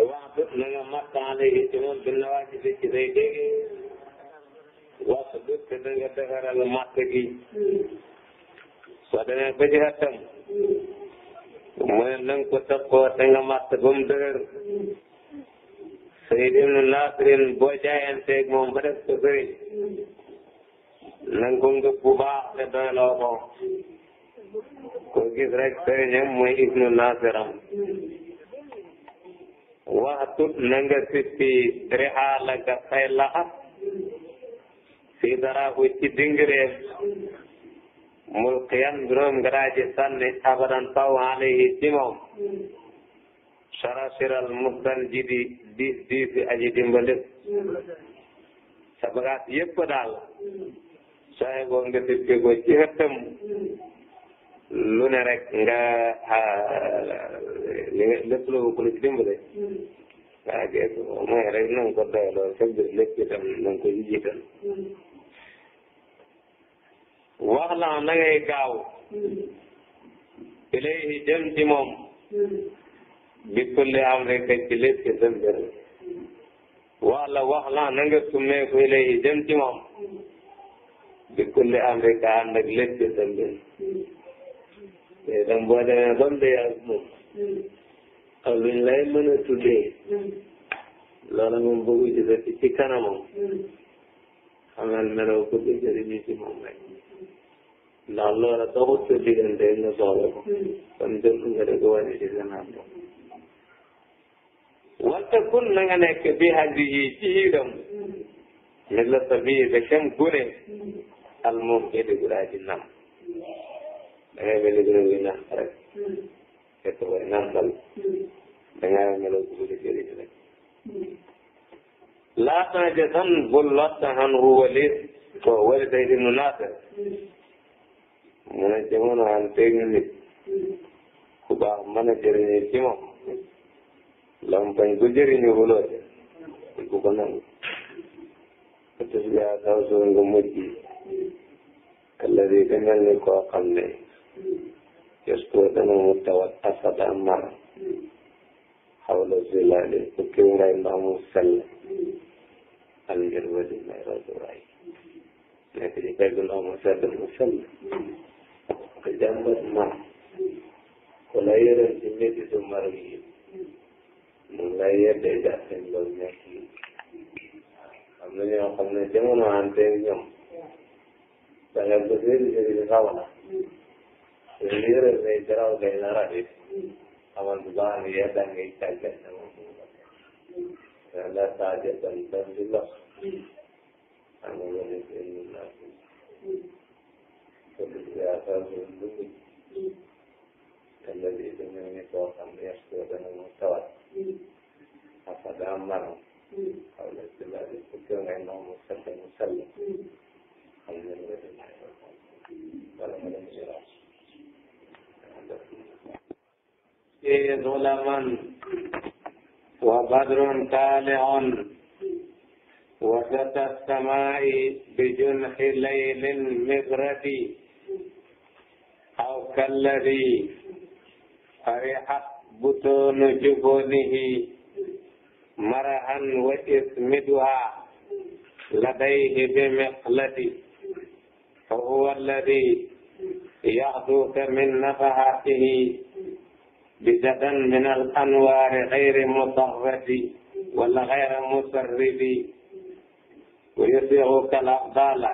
wax na nga mattaale yi ci moom dina waa ci ci say dégg wax dëgg te nga defaral matt gi soo demee ba ci xettam mu ne na ko takkoo nga matt ba mu dëgër Sayyid ibnu Naasirin boo jaayanteeg moom ba def ko sëriñ na nga ko ngëb bu baax te doyloo ko ko gis rek sëriñam mooy ibnu Naasiram waxtut na nga sippi rixaalaka say laxas fii daraaku ci dingireem mulqiyan biroom nga daa ji sànni abadan faw alayhi ci moom sarasiral musdan ji di diis diisi aji dimbali sa bagaas yépp daal sooy boo nga sippi ko ci xëttam lu ne nga lépp loo ko ci dimbale waaw kay mooy rek na nga ko doyaloo sa biir lépp itam na nga ko jiital hmm. wax la na ngay gaaw hmm. hmm. bi kulli amrin ci lépp ci sa mbir wax la wax la na nga summeeku ilayhi jëm ci bi kulli amrin ànd ak lépp te tam boo demee ba mu dee ak moom ak luñ lay mën a tuddee hmm. loolu moom bëggu gisati ci kanamam hmm. xamal ko bëgg jëriñu ci moom rek ndax loola doxut sa diggante hmm. nga soxla ko kon jël nga dëgg wane ci gannaaw moom wante kun na nga nekk bi hadi yi ci hiiram mi la sa bii de kem gune al moom ke di gudaa nam da ngay mel ni gën a ngi nax rek hmm. fekk booy naxal hmm. da ngay mel ni gën a jëriñ rek hmm. laata jasan bul lotta han ruwalit ko wali day di mu naata mu ne jamono an technique ku baax mën a jëriñu ci moom lam bañ ko jëriñu huloote ku ko nangu te tus yaa taw soo nga ka mel ni yës koo dana mu tawat asada mar xawla zilaali fukki ngay ndox mu sell al ngir wadi may rojuwaay nekk ci pegg mu sedd mu sell ko jàmbat mar ku la yërëm ci métti mar yi mu lay yeddee jàppeñ loolu nekk yi am na ñoo xam ne jamono ante ñoom danga bëgg seen sëriñ xaw la Sendiri saya cerau ke Inara itu. Aman Tuhan ya dan kita sama Tuhan. Karena saja dan dan juga. Anu dari sini nanti. Kebiasaan sendiri. Kalau di sini ini kau sampai ya sudah dengan mutawat. Apa gambar? Kalau tidak itu kau nggak mau musal musal. Alhamdulillah. Kalau ada musyawarah. إذ غلما وبدر طالع وسط السماء بجنح ليل مبرد أو كالذي فرحت بطون جبونه مرها وإسمدها لديه بمقلد فهو الذي يحدوك من نفحاته بجدا من الأنوار غير مطرد ولا غير مسرد ويصيغك الأقبال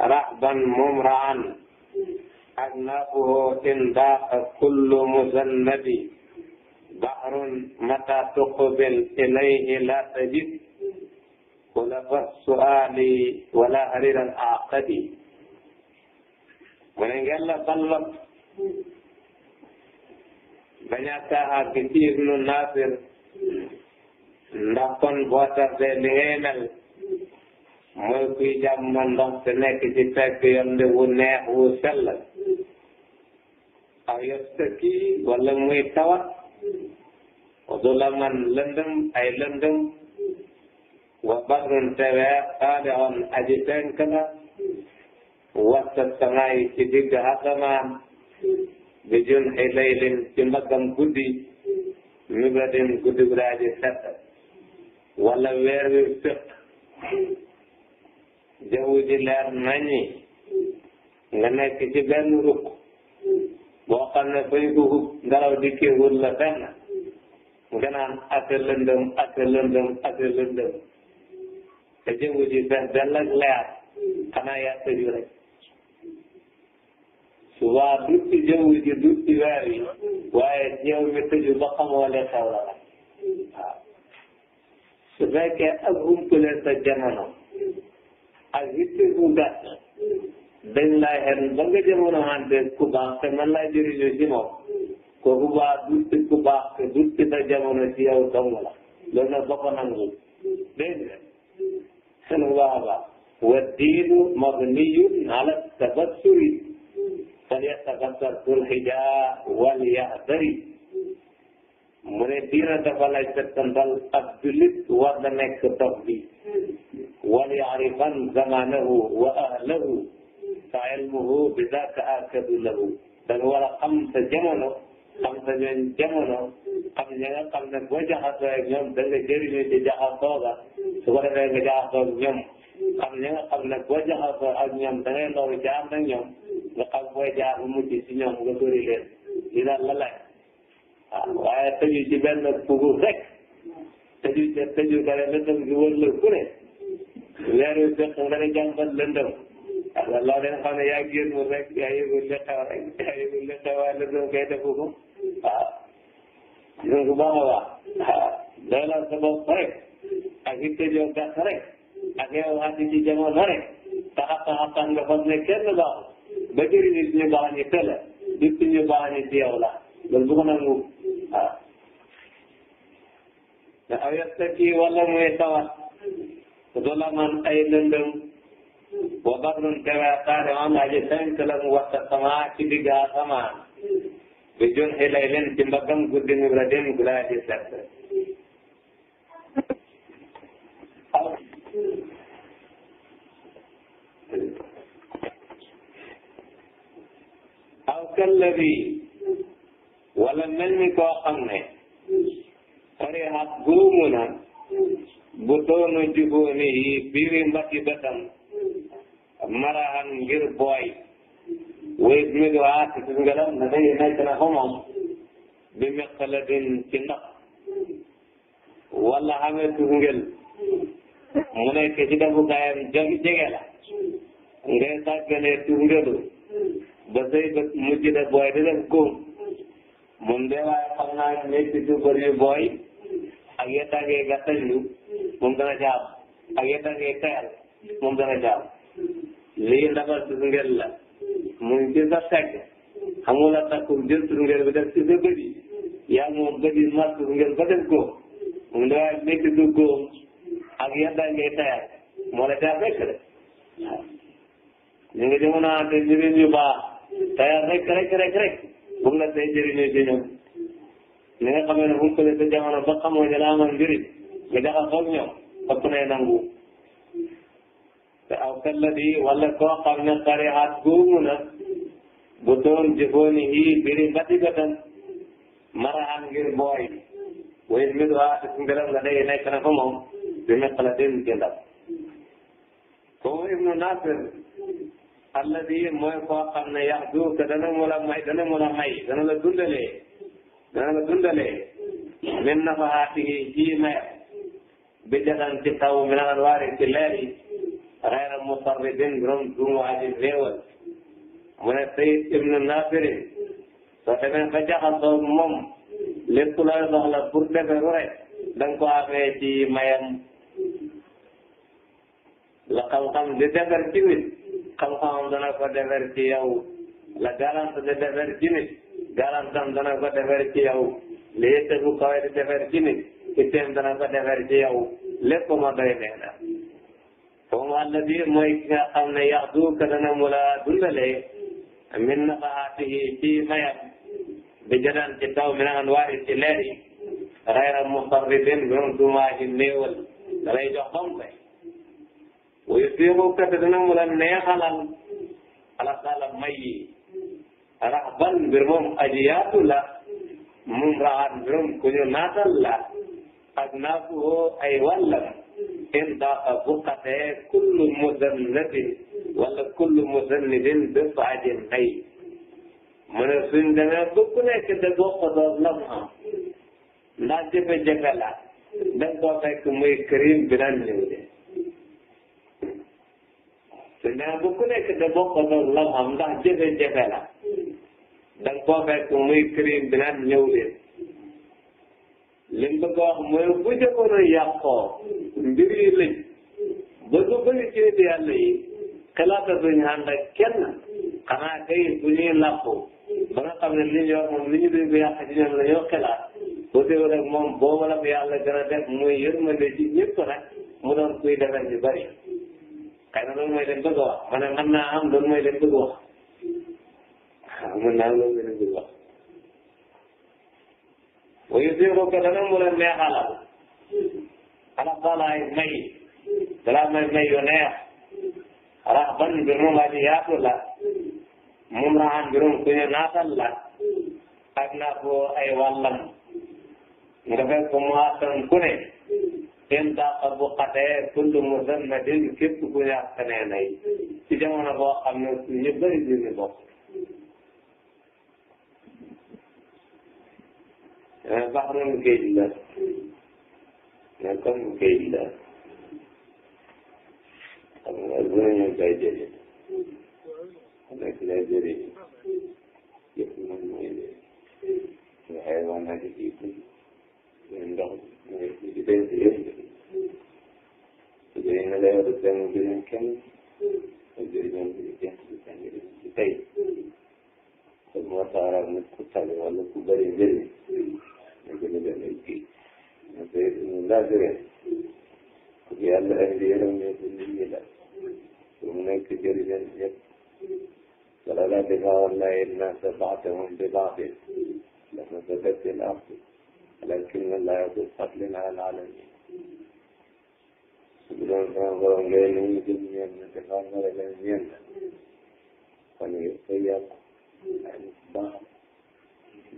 رحبا ممرعا أجنابه تنداق كل مسند بحر متى تقبل إليه لا تجد خلف السؤال ولا هرير العقد mu ne ngeen la ban lot bañ a taaxaat gi ndax kon boo tardee li ngay mel mooy kuy jàmm ndox te nekk ci fekk yoon de wu neex wu sell aw yot sa kii wala muy tawat du la man lëndëm ay lëndëm wa badrun te weer xaale on aji fenk la wasta samaayi ci digg asamaan bi jun xi laylin ci mbaggam guddi mibradin guddi gu daa ji set wala weer wi fekk jaww ji leer nañi nga nekk ci benn rukk boo xam ne fay ko hub ngelaw dikkeewul la fenn nga naan ase lëndëm ase lëndëm ase lëndëm te jaww ji fenn dell ak leer xanaa yaa tëju rek suba du ci jaww ji du ci weer yi waaye ñëw mi tëju ba xamoo ne xew la nag waaw su fekkee ak umpale sa bu gàtt dañ lay xen ba nga jamono wante ku baax man lay jëriñoo ci moom kooku baax du ci ku baax te du ci sa dong la loolu nag ba ko nangu dégg nga seen baax a baax wa diinu mabniyun ala tabassuri falyattaqabbal dul hijaa wal yahdari mu ne diina dafa lay settantal ab jullit war na nekk dox bi wal yaarifan zamanahu wa ahlahu fa ilmuhu bi daaka akadu lahu danga war a xam sa jamono xam sa ñoñ jamono xam ña nga xam ne boo jaxasoo ak ñoom da nga jëriñu ci jaxasoo ba su ko defee nga jaxasoo ak xam ñi nga ne boo jaxasoo ak ñoom da ngay loru jaar nag ñoom nga xam booy jaar bu mujj si nga bëri leen di daal la laaj waaw waaye tëju ci benn pugu rek tëju ca tëju dara lëndëm gi wër la ku ne leer ne jàmbat lëndëm alors loo leen xam ne yaa génn rek yaa yëgul li xew rek yaa yëgul li xew waaye lëndëm kay defu ko waaw gis nga bu baax a baax waaw sa bopp rek ak it tëjoo gàtt rek ak yow ati ci jamono rek taxa taxa nga fas ne kenn baaxul ba jëriñu si ñu baax ñu tële di si ñu baax ñu ci yow la loolu bu ko nangu waaw. te aw yastaki wala muy tawat zolaman ay lëndëm wa barrun tewe xaare am aji fenk la mu waxta sama ci digg asamaan bi jon xilay leen ci mbagam guddi mu la dem gulaa ji set aw kalladi wala mel ni koo xam ne xarihat góomu na bu doonu jubooni yi biri mbati bëtam marahan ngir booy wéyit mi du aat ci ngaram na day nekk na fa moom bi meqaladin ci ndox wala xamee tungel mu nekk ci dabu gaayam jami jege la ngay sàggalee tungelu ba say bët mujj da booy di def góom moom de waaye xam naa ñetti suukar yu booy ak yettangee gàttañlu moom dana jaam ak yettangee kayal moom la mu ngi ci sa teg xamul a takkum jël tungel bi yi yaa moom ba def góom moom de waaye ñetti du ak yàlla ngay tayal moo la tayal rek rek waaw ñu ngi demoon a te njëriñ yu baax tayal rek rek rek rek bu mu la tey njëriñoo ci nga xamee ne bu mu nga jaxasoo aw kàlla di wala koo xam ne xarihaat guumu na bu doon jëfooni hii biri batigatan marahan ngir booy way mi do a te ngelam la day nekk na fa moom bi miqlatin ci ndab kooku ibnu Nasir alladi mooy koo xam ne yax du ka dana mu la may dana mu la may dana la dundalee dana la dundalee min nafahaatihi ci may bi jatan ci taw min alwaari ci leer yi xayra musarridin borom duumu aji réewal mu ne Sayid ibnu Nasirin soo demee ba jaxasoo moom lépp looy soxla pour deferu rek da nga ko amee ci mayam la xam-xam di defar ci nit xam-xamam dana ko defar ci yow la garante di defar ci nit garantam dana ko defar ci yow li itte bu kawe di defar ci nit itteem dana ko defar ci yow lépp ma doy nee na foofu alladi mooy ki nga xam ne yax du ka dana mu min nafaatihi ci mayam bi jëdan ci taw min anwaari ci leer yi xayra muxarribin gën dumaa ci néewal da waaye su yeboo kese dina mu la neexalal ala sala mayi rahban mbir moom aji yaatu la moom raxat mbir moom la ak naafu woo ay wàllam in daaqa bu xatee kullu musannatin wala kullu musannidin bépp aji nay mu ne suñ demee ba ku nekk de bokk doon lam am ndax jafe-jafe la da nga koo fekk muy kërim bi daan ñëw de su neex bu ku nekk da bokkaloon la xam ndax jafe-jafe la da nga koo fekk muy këriñ dinaat ñëw leen li mu bëgg a wax mooy bu jamono yàqoo mbir yi lëj ba lu bëri ci nit yàlla yi xalaata duñ ànd ak kenn xanaa kay bu ñuy làqu ba nga xam ne li ñu yor moom li ñu doon yàq ci ñoom la ñoo bu déwén ak moom boobu la ko yu gën a def muy yërmande ci ñëpp nag mu doon kuy defar ñu xëy na loolu mooy leen bëgg a wax ma ne mën naa am loolu mooy leen bëgg a wax waaw mën naa am loolu mooy ko gën a ne mu leen neexalal xanaa balaa yi may balaa may may yu neex xanaa ban mbirum aji yaatu la mun naa am mbirum ku ñu naatal la ak naa ko ay wàllam nga fekk mu seen daaqa bu xatee kullu muzannadin képp ku ñaar sanee nay ci jamono boo xam ne ñu bëri dinañ bokk. mais eh, baxrun géej la eh, mais comme géej la xam nga dinañu koy jëlee nekk lay jëlee yëpp moom mooy lee waxee woon na ci kii ndox mi ñu ci denc yëpp su dee nga kenn su dee ñoom di denc di denc jëriñ ku tali wala ku bëri njëriñ ñu gën a leen ku yàlla indi yaram ñu ko nit la su mu nekk jëriñal ñëpp wala la difaa wallahi nasa baatahum bi baatin la fasadat al ard لكن الله ذو فضل على العالمين loolu sama borom léegi nu mu jëm ñoom ñu te xam nga leen ñeent kon yëpp day yàqu ay baax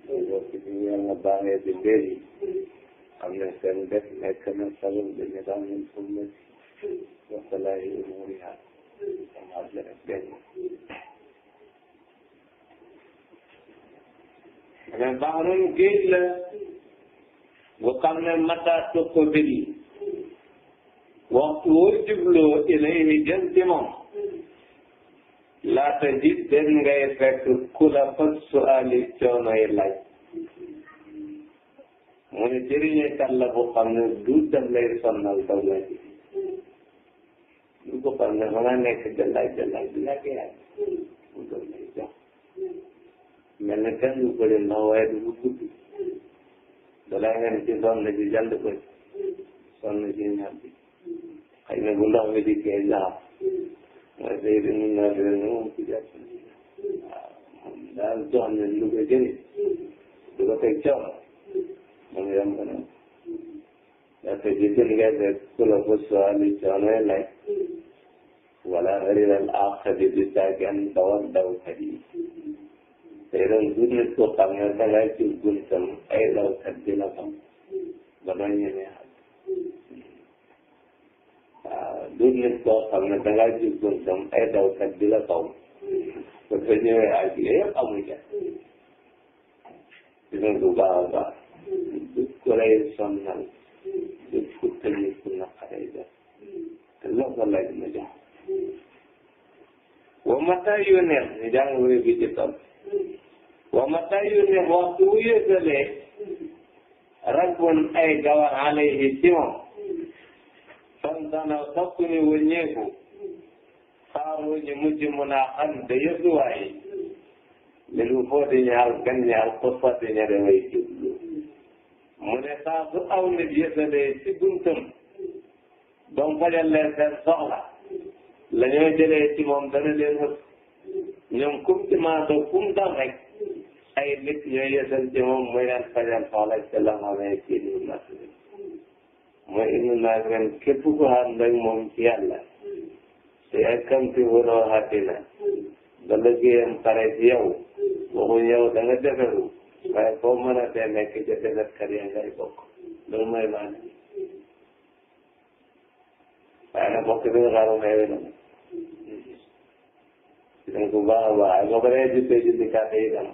loolu ci ñu yàlla baaxee di léegi xam ne seen def nekk na sabab bi ñu daan ñu ko mës wasalaay yu mu riyaat sama àddina rek benn mais baax noonu géej la bu xam ne mata topp mbir yi waxtu woo jubloo ilayhi jëm ci moom laata ji den ngay fekk ku la fas suaali coono yi laaj mu ne jëriñee kan la bu xam ne du daf lay sonnal daf lay du ko xam ne ma nga nekk di laaj di laaj di laaj yaay mu daf lay jox mel ne kenn lu bëri na waaye du ko gudd balaa ngeen ci sonn ci jàll ko ci sonn ci ñaar bi xëy na bu ndox mi di kee jaxam mooy say di mu ñor di ne moom ci ne lu ko jëriñ du ko teg coono moom yomb na ndaxte ci jël ngay def ku la ko soxali coono yi laaj wala xëy di di tàggan dawal daw kat yi te doon gudd nit koo xam ne dangay ci guntam ay law kat dina xam ba doon ñemee xam waaw gudd nit koo xam ne dangay ci guntam ay law kat dina xam ba doon ñemee ak yëpp amu ja dina bu baax a baax dut ko lay sonnal dut ku tëñi ku naqaree jox te loxo laaj ma mata yu neex ñu jàng wéy bi ci wa mata yónnee waxtu wu yéesalee ay gawar alayhi ci moom fan dana soppi ni wëññeeku xaaru ñu mujj mun a xam de yësuwaay li lu footi ñaar gan ñaar ko fati ña damay mu ne saa su aw nit yéesalee ci buntam ba mu fajal leen seen soxla la ñoo ci moom dana leen hëpp ñoom kum ci maatoo kum dal rek ay nit ñooy yesal ci moom muy daan fajal soxla ci ci li mu mooy indi naag ren képp moom ci yàlla te yàkkamti wuroo àddina ba liggéeyam pare ci yow waxuñ yow da nga defaru waaye foo mën a dee nekk ca defetkat ya ngay bokk loolu mooy maanaam waaye nag bokk bi nga xaaru may wi dégg bu baax a baax boo ko defee jubbee jullikaat yi itam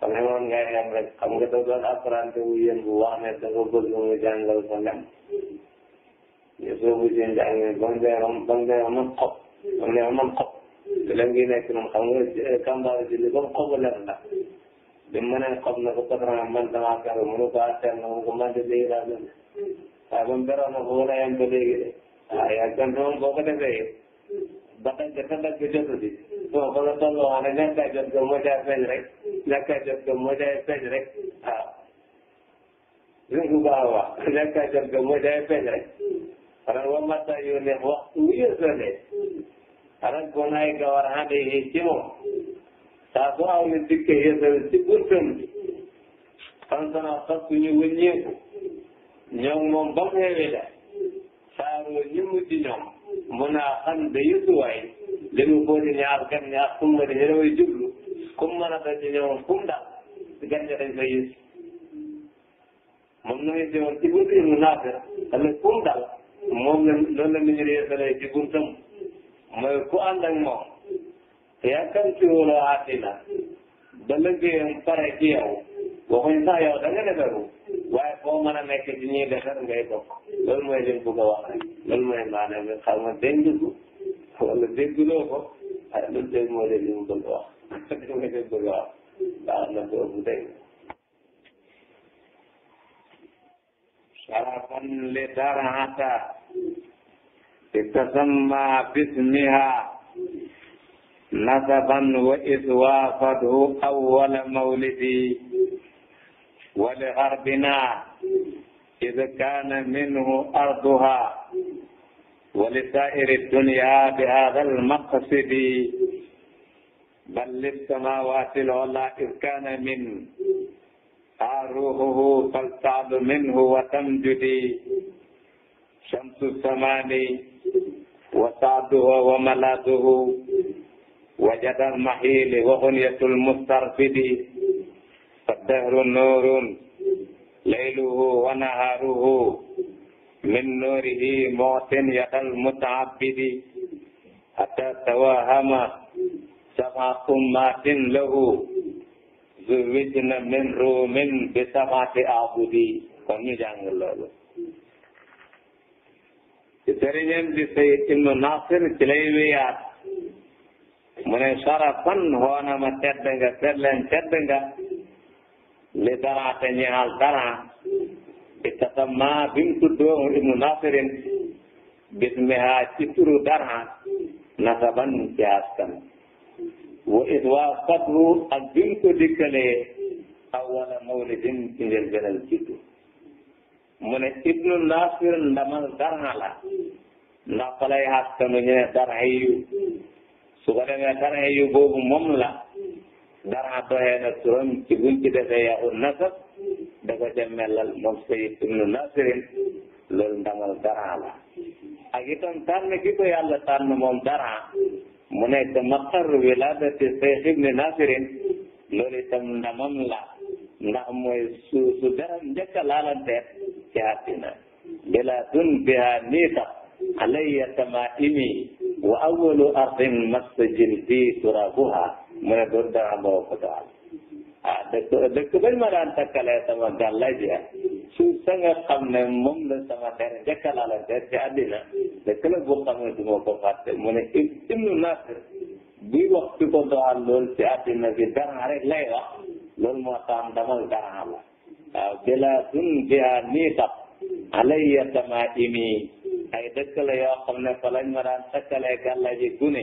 xam ne moom ngay xam rek xam nga da doon apprenti wu yéen bu wax ne dafa bëgg mu jàngal ko lem ñu soobu si njàng ba mu dee ba mu dee man xob ba mu dee man xob te lem gi nekk noonu xam nga kàmbaaru julli ba mu xobu lem la bi mu ne xob na ko patron man damaa fexe mu ne ko attel na ko man de léegi laa na ko wala yem ba léegi de waaye ak boo ba dagg te dagg di bon ba nga tolloo xam ne ñàkk a jot rek ñàkk a jot ga moo rek waaw léegi bu baax a baax ñàkk a jot ga moo caa feeñ rek xanaa wa mata yoo ne waxtu wu yësale xanaa bon ay gawar xande yi ci moom saa su aw ne dikke yësal ci buntam bi fan sana fas ñu wëññeeku ñoom moom ba mu xewee da saaroo ñi mujj ñoom mun a xam de yusuwaay li mu booti ñaar gan ñaar kum nga dañu daway jublu kum mën a dañ ñëwoon kum daal gan ña dañ koy yus moom na ñu ñëwoon ci buntu mu naafir xam kum daal moom la loolu la nit ñi di yësalee ci buntam mooy ku ànd ak moom te yaakaar ci wóolu aati la ba lëggéeyam pare ci yow waxuñ sax yow da nga defaru waaye foo mën a nekk ci ñuy defar ngay bokk loolu mooy leen bëgg a wax rek loolu mooy maanaam bi xam nga dégg ko wala dégguloo ko ah loolu dégg moo leen li mu bëgg a wax li mu leen bëgg a wax baax na boobu dégg sarafan li darata itasamma bismiha nasaban wa iswaafatu awwala mawlidi wali xarbina ida kaana minhu arduha wali saa'iri dunya bi haada almaqsidi bal lissamawati lola id kaana min ha ruhuhu faltaadu minhu wa tamjudi shamsu samani wa saaduha wa malaaduhu wa jadal mahili wa xunyatu almustarfidi فالدهر نور ليله ونهاره من نوره معط يد المتعبد حتى توهم سبع أمات له زوجنا من روم بسبعة أعبد kon ñu jàng loolu ci sëriñam di Sayyid ibnu Nasir ci lay wiyaat mu ne sarafan xoona ma tedd nga seet leen tedd nga li dara te ñaal dara ittasamma bi mu tuddoo ibnu nasirin bismiha ci turu dara nasaban ci askan wa it waa fadru ak bi mu ko awwala mawlidin ci njëlbeenal juddu mu ne ibnu nasir ndamal dara la ndax fa lay askanu ñu ne dara yu su ko demee dara yu boobu moom la dara doxee na turam ci buñ ci defee yaxu nasab da ko ca melal moom Sayyid ibnu Nasirin loolu ndamal dara la ak itam tànn ki ko yàlla tànn moom dara mu nekk maqar wiladati Sayyid ibnu Nasirin loolu itam ndamam la ndax mooy su su dara njëkk a laalante ci àddina biha niita alayya tamaimi wa awwalu ardin massa jildi turabuha mu ne ko dara boo ko daal ah dëkk dëkk bañ ma daan takkalee sama gàllaaj ya suuf sa nga xam ne moom la sama der njëkk laa la der ci àddina dëkk la boo xam ne du ma ko fàtte mu ne ibnu Nasir bi wax ci ko doxal lool ci àddina bi dara rek lay wax loolu moo tax ndamal dara la waaw ah, bila sun biha nii alayya tamaimi ay dëkk la yoo xam ne fa lañ ma daan takkalee gàllaji gune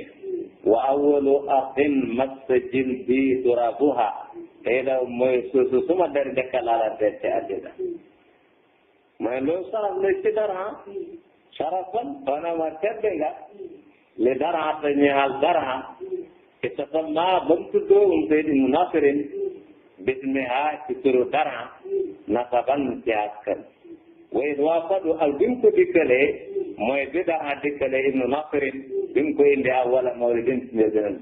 wa awwalu ardin massajin bi turabuha tey da mooy suusu suma der njëkka laalante ci àddina mooy loolu saraf la ci dara sarafan wana ma tedde nga li dara te ñaal dara ittafal naa ba mu tuddoo um seydi munafirin bismiha ci turu dara nasaban ci askan way waafadu ak bi mu ko dikkalee mooy bi daa dikkalee ibnu nasrin bi mu ko indi ak wala mawlidin si ne dana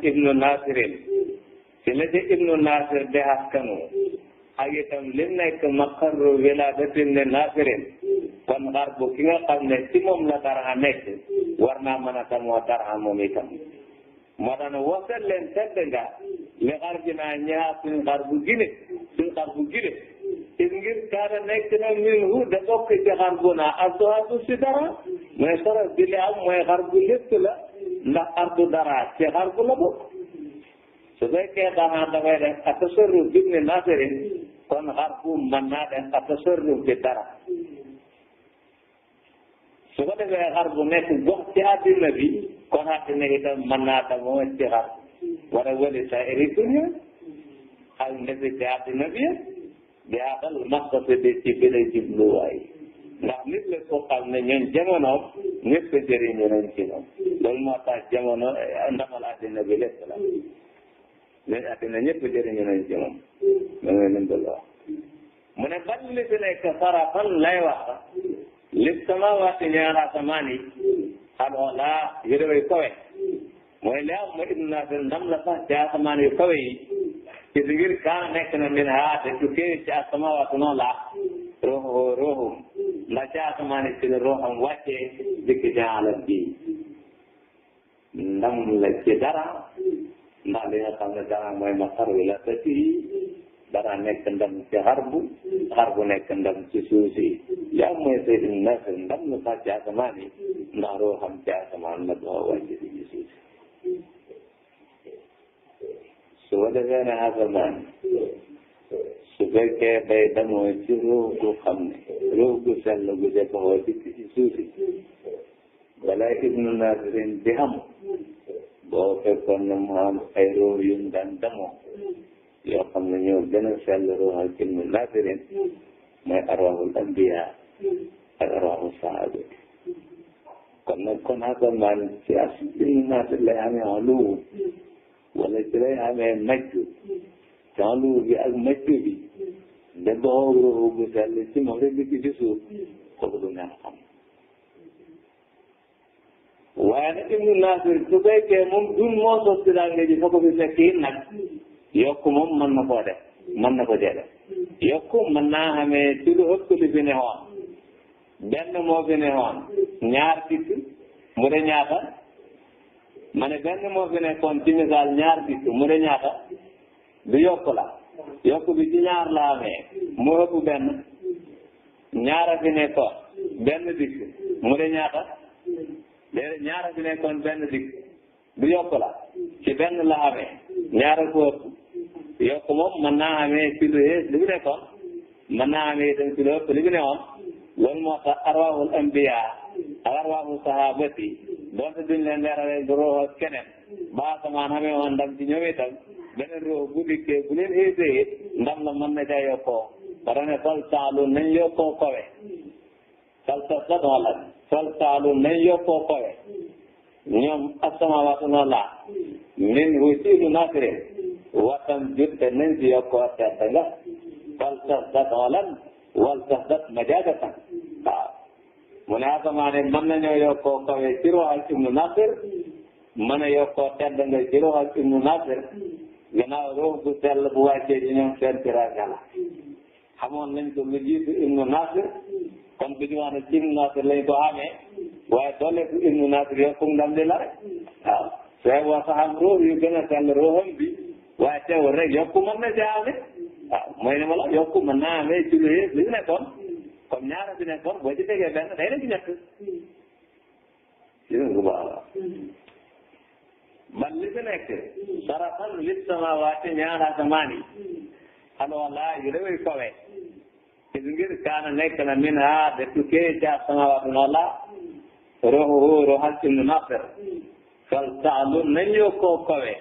ibnu nasirin ci la ak itam li nekk maqarru xar bu ki nga xam ne ci moom la dara nekk war naa mën a damoo dara moom itam moo tax ne wasal leen tedd nga li xar ji naa ñaar suñu xar bu gine suñu xar bu gine it ngir si dara mais sara bi li am mooy xar bu létt dara ci xar bu la bokk su fekkee xanaa dafay def atasarru bibni kon xar bu mën naa dara su ko defee xar bu nekk gox bi kon àddina itam mën naa demoo ci xar wala wali saa'iri dunya ak nekk ci àddina bi yëpp di àddal maqsad ci bi la jubluwaay ndax nit la ko xam ne ñun jamono ñëpp jëriñu nañ ci moom loolu moo tax jamono ndamal àddina bi lépp la ñun àddina ñëpp jëriñu nañ ci moom loolu lañ doon wax mu ne ban li fi nekk farafan lay wax li sama waati ñaar asamaan yi xam nga laa yëre kowe mooy li am ma ibnu naafir ndam la sax ci asamaan yu kawe yi nekk min haate tukkee ci asamaan waatu noonu la roxo roxo ndax ci asamaan ci la roxam wàccee dikk alam bi ndam la ci dara ndax li nga xam ne dara mooy ma xarwi la sa nekk ndam ci xarbu xarbu nekk ndam ci suuf si li am mooy say ibnu naafir ndam la sax ci asamaan yi ndax roxam ci ci suuf su ko defee ne asamaan su fekkee day demoo ci ruux gu xam ne ruux gu sell gu jëfoo dikk ci suufi balaa ibnu nasirin di xam boo fekkoon ne mu am ay ruux yu mu daan demoo yoo xam ne ñoo gën a sell ruux ak ibnu nasirin mooy arwaxul ambiya ak arwaxu sahaabati kon nag kon asamaan ci asamaan ci lay amee uluw wala ci lay amee majju te uluw bi ak majju bi de doxoo ruuxu bu sell ci moom rek di ci suuf kooku du neex xam waaye nag Ibnu Naasir su fekkee moom dun moo sos ci daange ji fa ko fi fekk yi nag yokk moom mën na koo def mën na ko jëlee yokk mën naa xamee ci lu ëpp li fi neexoon benn moo fi ne woon ñaar dikk mu de ñaata ma benn moo fi nekkoon ci misaal ñaar dikk mu de ñaata du yokk la yokk bi ci ñaar la amee mu ëpp benn ñaar a fi nekkoon benn dikk mu de ñaata ñaar a fi nekkoon benn dikk du yokk ci benn la amee ñaar a ko ëpp yokk moom naa amee ci lu yées li mu naa amee itam ci lu ëpp li loolu moo tax arwaahul ambiya ak sahabati doonte duñ leen leerale du rooxal keneen ba asamaan xamee ndam ci ñoom itam beneen bu dikkee bu leen éesee ndam la mën yokkoo ba tax fal saalu nañ yokkoo kowe fal sa sa yokkoo kowe ñoom asamawaatu noonu laa min hu siilu naasire waxtaan jut te nañ si yokkoo tedd nga fal sa sa doon wal sax dat majaadatan waaw mu ne asamaan yi mën nañoo yokkoo kawe ci ruuxal ibnu nasir mën a yokkoo tedd nga ci ruuxal ibnu nasir gannaaw ruux bu sell bu wàccee ci ñoom seen tiraanga la xamoon nañ ko lu jiitu ibnu ci ibnu nasir lañ ko amee waaye doole ku ibnu nasir yokku ndam li la rek waaw sooy wax sax am yu gën a sell ruuxam bi waaye teewul rek yokku mën na ci amee waaw mooy li ma la yokku mën naa amee ci lu yëpp li ñu nekkoon comme ñaara bi nekkoon boo ci tegee benn day nekk ñett yéen bu baax la man li fi nekk sarafan li samawaati ñaara asamaan yi alwala yu réew yi kawe ci ngir kaana nekk na min ha de tukkee ca samawaati nola ruuhu ruuhal ci munafir fal saalu nañu ko kawe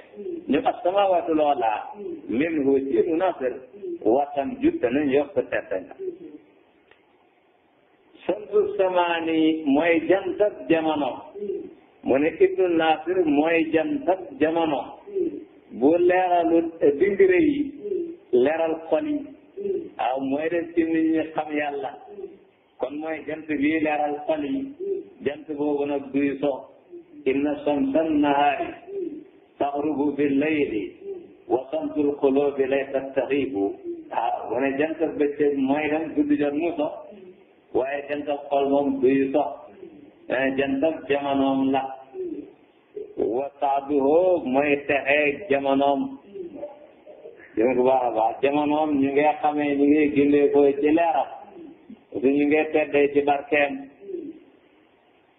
waxtaan ju danañ yokk tedd nga santu samaani mooy jantab jamono mu ne ibnu nasir mooy jantab jamono bu leeralul dingire yi leeral xol yi mooy def ci nit ñi yàlla kon mooy jant bii leeral xol yi jant boobu duy so inna samsan nahaari taxrubu bi layli wa samtul qulubi lay tastaxibu ah wane jant bëccëg mooy lan guddi jot mu sox waaye jant xol moom duy sox eh, jant jamonoom la wasaadu hoo mooy texe jamonoom dégg baax a baax jamonoom ñu ngi xamee ñu ngi gindee ko ci leeram su ñu ngi teddee ci barkeem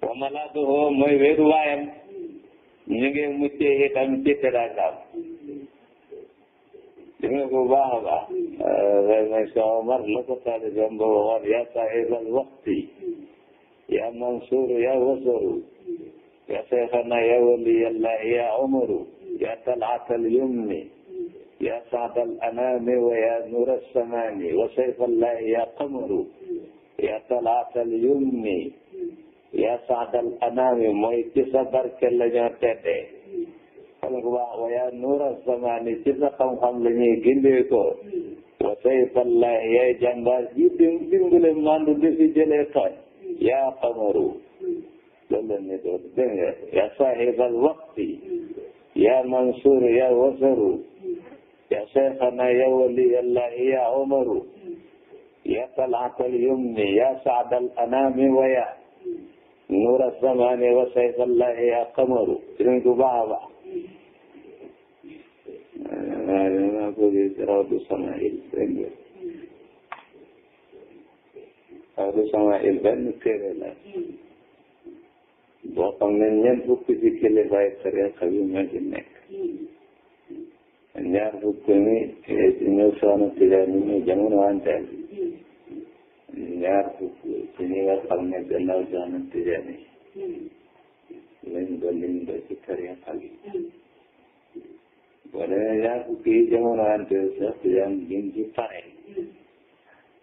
wa malaadu hoo mooy wéeruwaayam ñu ngi muccee itam ci teraangaam dégg nga bu baax a baax mais sama mar la ko taalibeem ba waxoon yaa saahibal waqti yaa mansuuru yaa wasaru yaa sayxana yaa waliyallahi yaa umaru yaa talaatal yumni yaa saadal anaami wa yaa nuura samaani wa sayfallahi yaa qamaru yaa talaatal yumni yaa saadal anaami mooy ci barke la ñoo teddee la bu baax wa yaa nuura zamaani ci sa xam-xam la ñuy gindee ko wa sayfallahi yaay jàmbaar ji dim dimbale mandu di fi jëlee tooñ yaa xamaru loolu la ñu doon dégg nga yaa saahibal waqti yaa mansuur yaa wasaru yaa seexana yaa waliyallahi yaa omaru yaa talaatal yumni yaa saadal anaami wa yaa nuura zamaani wa sayfallahi yaa xamaru dinañ ko baax a baax waaye dama bëggee ci rawdu Samaa'il dégg nga rawdu Samaa'il benn téere la boo xam ne ñeent fukki ci kilifaay tariqa bi ñoo ci nekk ñaar fukki mi ci ñu soxna Tijaani ñu jamono wanteel ñaar fukki ci ñi nga xam ne gannaaw soxna Tijaani lañ doon liñ doon ci tariqa bi wala yaa ngi kii jamono ante sax tijaan gin ci pare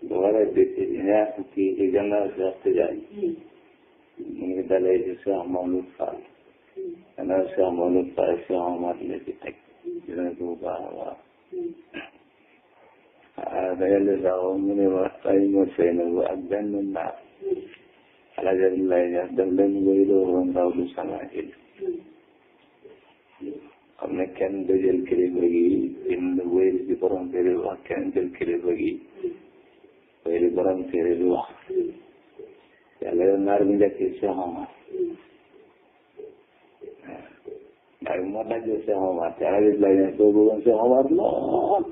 lu war a dëkk yaa ngi kii ci gannaaw sax tijaan mu ngi dalee ci Cheikh Mamadou Fall gannaaw Cheikh Mamadou Fall Cheikh Omar la ci teg dina ko bu baax a baax ah dayale sax mu ne ma ay ma sëy na bu ak benn naar alaja bi lay ñax daf leen wéyloo woon raw du sama xam ne kenn du jël kilifa gi bind wéyal ci borom téere bi wax kenn jël kilifa gi wéyal borom téere bi wax yàlla yow naar bi njëkk ci Cheikh Omar naar bi moo daj Cheikh Omar te xarit la ñu soo bëggoon Cheikh Omar lool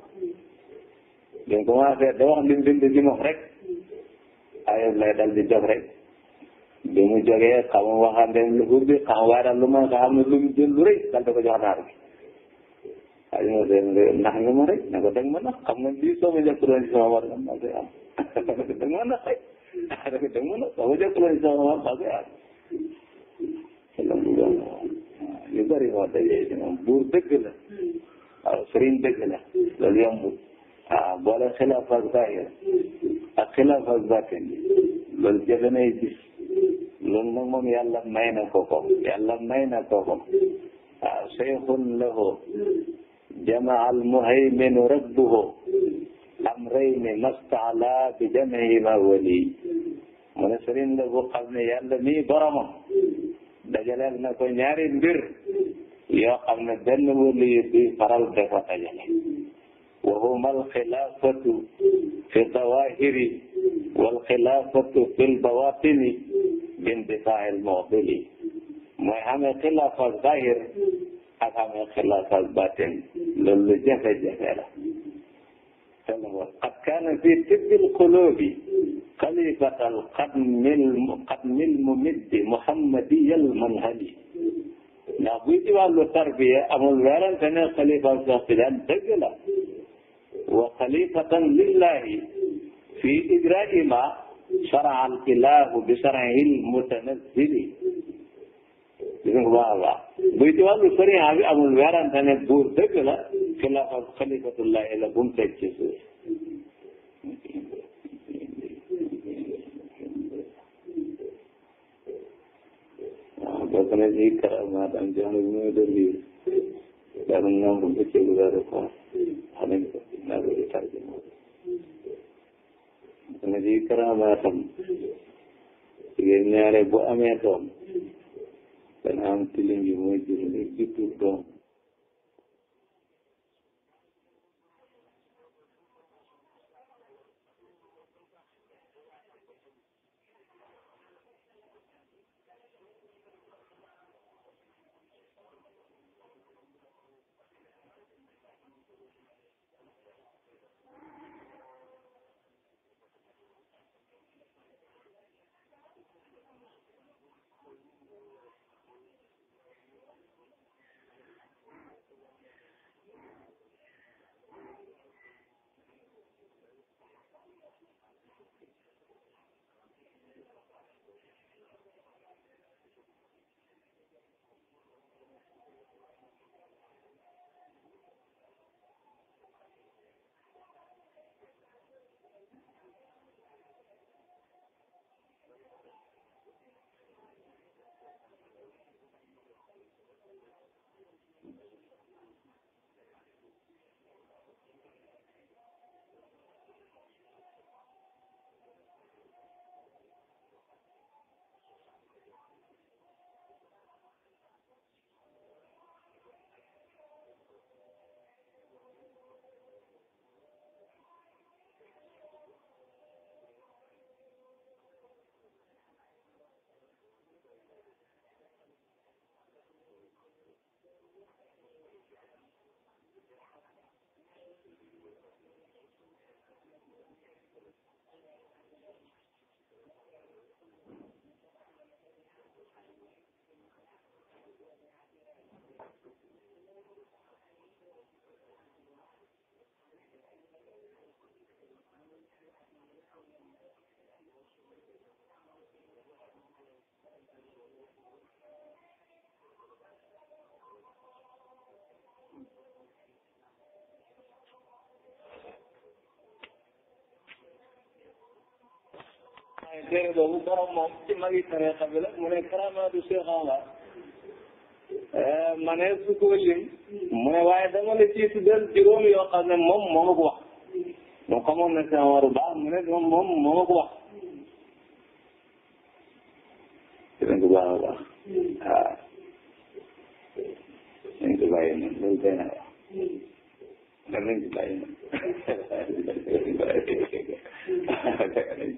dal di jox bi mu jógee xamu waxandeem lu ubbi xamu waaye daal lu ma nga xam ne lu mu jël lu rëy dal da ko jox naar bi waaye ñu ne ndax nga ma rek ne ko dégg ma ma jàppaloon ci sama war ma koy am dégg ma ndax rek dégg ma ndax soo ma jàppaloon ci sama war ma koy am yu bëri moo dajee ci moom buur dëgg la waaw sëriñ dëgg la loolu yombul ah boole xilaaf ak zahir ak xilaaf loolu nag moom yàlla may na ko ko yàlla may na ko ko waaw seyxun lahu jamaal muhayminu rabbuhu amrayni mastaala bi jamihima wali mu ne sëriñ la bu xam ne yàlla mii boromam dajaleel na ko ñaari mbir yoo xam ne benn wali yu duy faral de ko dajale wa huma alxilaafatu fi dawahiri walxilaafatu fi lbawatini bintifaa il mu'tili mooy amee xilaafa zahir ak amee xilaafa batin loolu jafe-jafe la. qad kaana fi tibbil quluubi xalifatal qadmil qadmil mumiddi muhammadiyal manhali ndax buy ci wàllu tarbiya amul werante ne xalifa Seex Tijaan dëgg la wa xalifatan lillahi fi idraa'ima sara al ilahu bi sarahil mutanazzili gis nga baax a baax buy ci wàllu sariya bi amul werante ne buur dëgg la xilaafa xalifatullahi la na ci karamaat am jamono bi muy doon lii bu bëccëgu weeru koor xam nañ ko dinaa ko na ci karamaatam jigéen ñaare bu amee doom dana am tilim yi mooy jur ni juddu doom waaye mu ne karamaatu Cheikh Omar eh, ma ne su ko lim mu ne waaye dama la ciy tuddal juróom yoo xam ne moom moo ma ko wax ne Cheikh Omar bu mu ne moom moom moo ma ko wax. dinañ ko baax a baax waaw ah. dinañ ko bàyyi noonu loolu day na wax. danañ ci bàyyi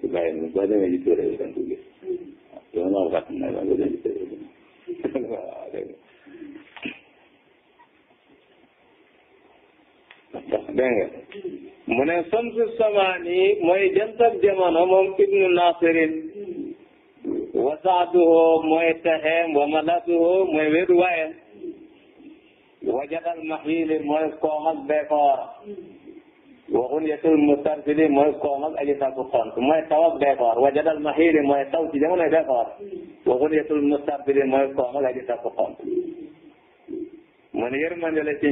danañ ci bàyyi moom boo demee ci tóore bi da nga ko gis yow maa fàtt na da nga dem ci tóore bi waaw dégg nga dégg nga mu ne samsu samaani mooy jantab jamono moom ibnu nasirin wasaatuhoo mooy taxeem wa malaatuhoo mooy wéruwaayam wajatal maxiili mooy koom ak beekoor waxun yetul mustarsili mooy koom ak aji sàkku xont mooy taw ak beekoor wajatal maxiili mooy taw ci jamonoy beekoor waxun yetul mustarsili mooy koom ak aji sàkku xont mu ne yërmande la ci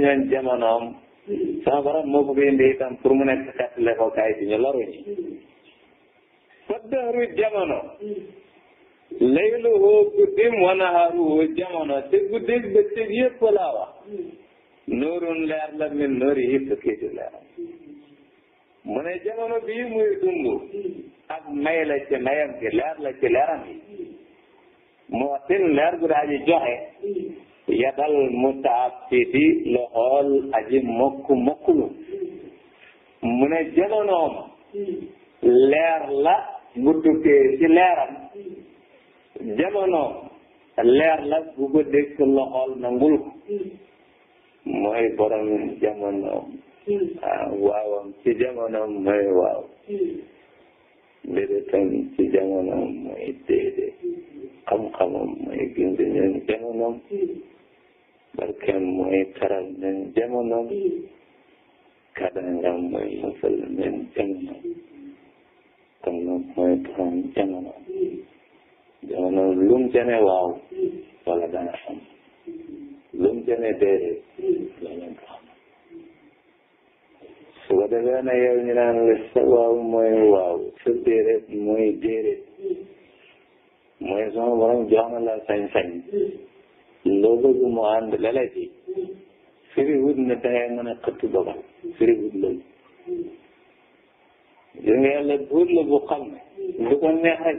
sama borom moo ko fi indi itam pour mu nekk xeetle ko kaay ci ñu loruñu fa dëhru layluhu guddim wa naharuhu jamono te guddeeg bëccëg yëpp laa wax nuurun leer la min nuurihi tukiitu leeram mu ne jamono bii muy dundu ak may la ci mayam gi leer la ci leeram gi mootin leer gu daa ji joxe yadal mutaaffiti loxool aji mokku mokkulu mu ne jamonoom leer la bu tukkee ci leeram jamono leer la bu ko dégg loxol nangul ko mooy borom jamono hmm. ah, waawam ci jamono mooy waaw hmm. déedéetam ci jamono mooy déedéet hmm. xam-xamam mooy gindi ñun jamono barkeem mooy taral ñun jamono kadangam mooy musal ñun jamono kon nag mooy borom jamono jamono lum ca ne waaw wala dana xam lum ca ne déedéet danañ ko xam su ko defee na yow ñu naan la sa waaw mooy waaw mu ànd lala ci firi wut na dangay mën a xëtt dogal firi wut loolu gis nga yàlla buur la ne lu ko neex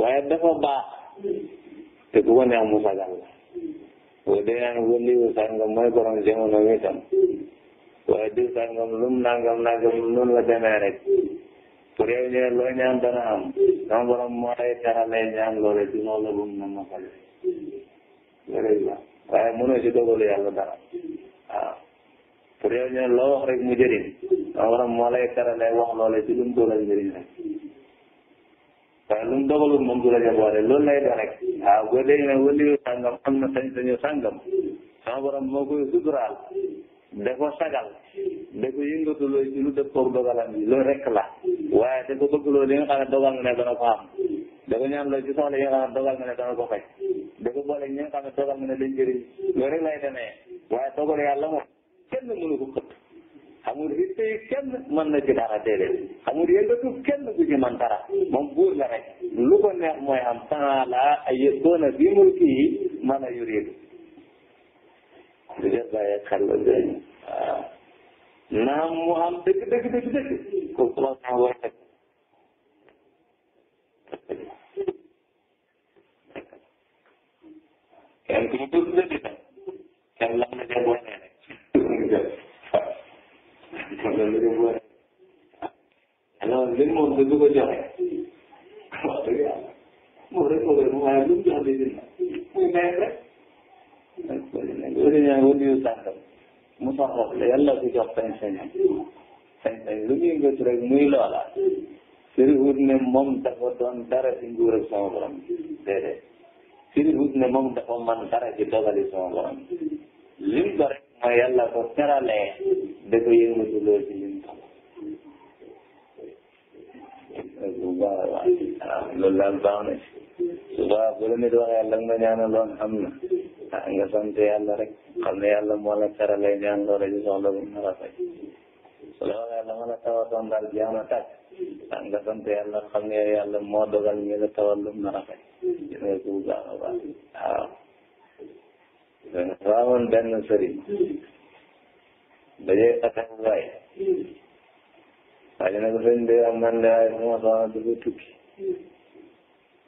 waaye dafa baax te ku ko neex mu sagal la boo dee yaa ngi wëliwu sàngam mooy borom jamono mi tam waaye diw sàngam lum nangam nangam noonu la demee rek pour yow ñëwee loo ñaan dana am sama borom moo lay terale ñaan loole ci noonu la bum na ma fale loolu waaye mënoo si dogalu yàlla dara waaw pour yow ñëwee loo wax rek mu jëriñ sama borom moo lay terale wax loole ci lum doolal njëriñ rek waaye lu mu dogalul moom du la ca boole loolu lay def rek waaw boo ne waliyu sàngam am na sañ-sañu sàngam sama borom moo koy suturaal da ko sagal da ko yëngatu loo ci lu dëppoog dogalam bi loolu rek la waaye da ko bëgg loolu li nga xam ne dogal nga ne dana ko am da ko ñaan loo dogal nga ne dana ko faj da ko boole ñi nga dogal nga ne dañ jëriñ loolu rek dogal yàlla moom kenn ko xëpp amul hitte yi kenn mën na ci dara déedéet amul yëngatu kenn ku ci man dara moom buur la rek lu ko neex mooy am taala ay yëkkoona bi mulki yi mën a yuridu di def bàyyi xel la dégg waaw naam mu am dëgg ko ko war a kenn kenn la nga def wane alors li mu mën du ko joxe wax dëgg yàlla moom rek moo koy moom waaye lu mu jox di dina muy may rek. loolu ñaa ngi woon sàngam mu saxof la yàlla ko jox sañ-sañam sañ-sañ lu muy yëngatu rek muy loola firiwut ne moom dafa doon dara ci nguur ak sama borom déedéet firiwut ne moom dafa man dara ci dogali sama borom lim do rek mooy yàlla ko teralee da ko yëngatu baax na ci su baax la nit waxee yàlla nga ñaana loon am na ah nga sant yàlla rek xam ne yàlla moo la teralee ñaan loo rek soxla bu nar a fay su la waxee yàlla ma la tawatoon daal jaama tàkk ah nga sant yàlla xam ne yàlla moo dogal ñu la tawal lu nar a fay bu dafa ben benn sëriñ dajeeg attaque bu baax yi waaye nag sëriñ bi am man de waaye sama soxna dafa tukki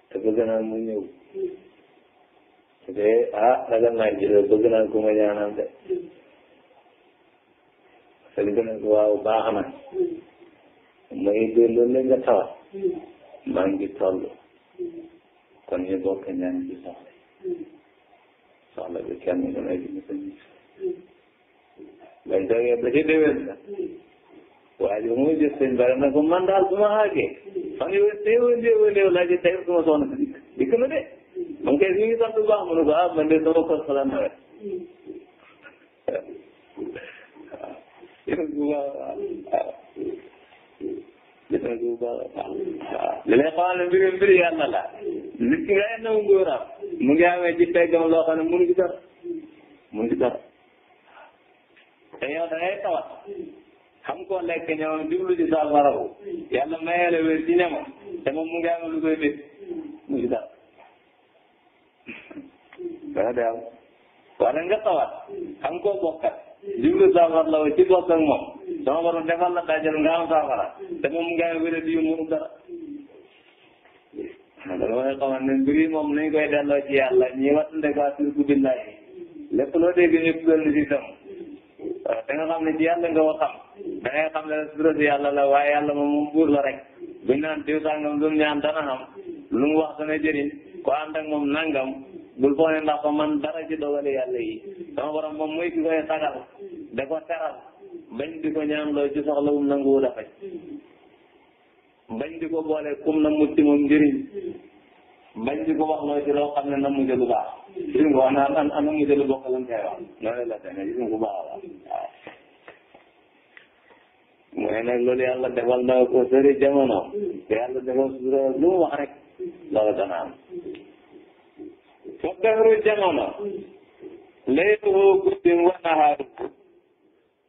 te bëgg mu ñëw te ah daga ji de bëgg naa ku ma ñaanal de sëriñ bi nag waaw baax na ma ngi déglu loolu la nga tawat maa ngi soxla bi kenn ku nekk ñu ko gis bañ toogee ba ci déwén la waa ji muy gis sëñ bare na ko man daal bu ma xaagee fan yow teewul teewul teewul laa ci tey suma soxna si dikk dikk na de moom kay ñu ngi sant bu baax mu ne ko ah man de sama kos fa la nawet jërëjëf bu baax a baax jërëjëf bu baax a baax li lay xamal ne mbiri mbiri yàlla la nit ki nga yàlla na mu góoraam mu ngi amee ci peggam loo xam ne mënu ci dara mënu ci dara te yow da ngay tawat xam koo lekk ñoom jublu ci saafara ko yàlla mayee la wér ci ñamam te moom mu ngi amee lu koy def mënu ci dara dara day am wala nga tawat xam koo bokkat jublu saafara la ci bokk ak moom sama borom defal la dajal nga am saafara te moom mu ngi amee wér di yu mënu dara loolu mooy xamal ne mbir yi moom nañ koy delloo ci yàlla ñi wat ndekaatul guddi laaj lépp loo dégg ñu dugal na si tam waaw da nga xam ne ci yàlla nga ko xam da ngay xam ne sutura si waaye yàlla moom moom la rek buñ naan diw sàngam lu mu dana xam lu mu wax dana jëriñ ko mo ak moom nangam bul foog ne ndax ko man dara ci dogale yàlla yi sama borom moom mooy sagal da ko teral bañ di ko ñaan loolu ci soxla wum bañ di ko boole kum na mucc moom njëriñ bañ di ko wax loo ci loo xam ne na mujj lu baax gis nga wax naan an an na mujj lu bokk lañ nga bu mu ne nag loolu yàlla defal na ko sori jamono te yàlla defal sutura lu mu wax rek loolu dana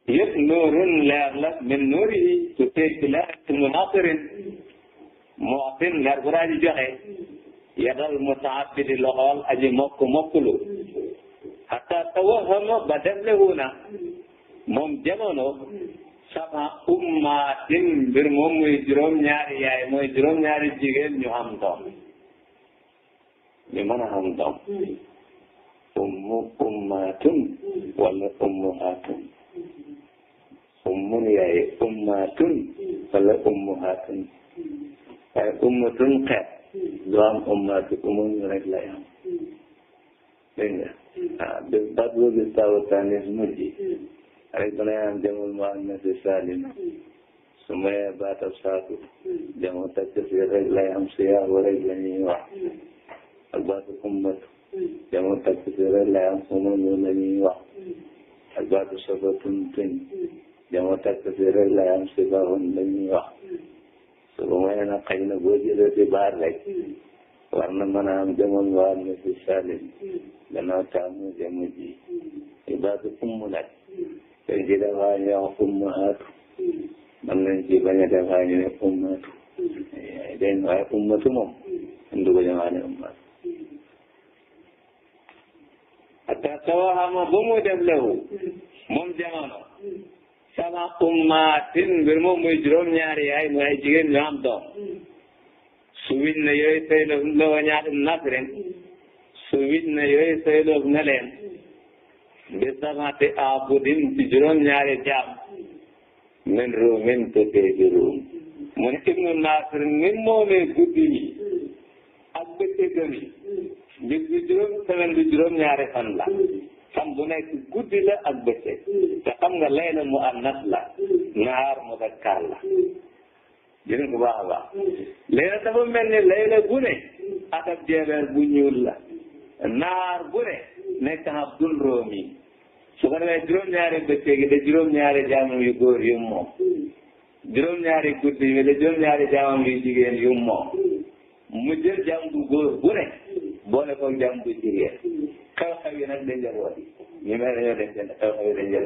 yëpp nuurun leer la min nuurihi su fekkee leer ak mu naasirin moo sin leer bu daa ji joxe yadal mutaabidi loxool aji mokk mokkulu hatta tawahama ba defle wuuna moom jamono sama ummaatin mbir moom muy juróom-ñaari yaay mooy juróom-ñaari jigéen ñu ñu mën a am doom hmm. ummu ummaatun wala ummuhaatun ummun yaay ummatun wala ummuhatun waaye ummatun xeet du am ummatu umun rek lay am dégg nga ah bis baat boo gis taw taanis mujj rek dana am demul mu am nasi salim su mayee baat ab saatu demu takk si rek lay am si yaabu rek la ñuy wax ak baatu ummatu demu takk si rek lay am su ma ñëw la ñuy wax ak baatu sabatun tuñ jamu takk si rek lay si baaxun la ñuy wax su mooy nag xëy na boo jëlee si baar rek war na mën a am jamono waa si salim danoo taamu jamu ji si baatu ummu nag dañ ci defaa man lañ ci bañ a defaa ñu ne ummaatu dégg nga waaye ummatu moom ndu ko jamaale ummaatu hatta tawaxama ba mu dem lewu moom jamono sama ummaatin mbir moom muy juróom-ñaari yaay muy ay jigéen ñu am doom su wit na yooyu sayloof la wañaatum nasrin su wit na yooyu sayloof na leen bi samati abudin ci juróom-ñaari jaam min ruumin tukkee di ruum mu ne ibnu nasir ni moomee guddi ak bëccëgam yi bis bi juróom semaine bi juróom-ñaari fan la fan bu nekk guddi la ak bëccëg te xam nga layla mu annas la naar mudakkar la dina ko baax a baax layla dafa mel ni layla bu ne atab jeebeer ñuul la naar bu ne nekk abdul roomi su ko defee juróom-ñaari bëccëg yi da juróom-ñaari jaamam yu góor yu moom juróom-ñaari guddi yi da juróom-ñaari jaamam yu jigéen yu mu jël jaam góor bu ne boole ko jigéen xew-xew yi nag day jalwati ñu mel ne ñoo dencante xew-xew yi day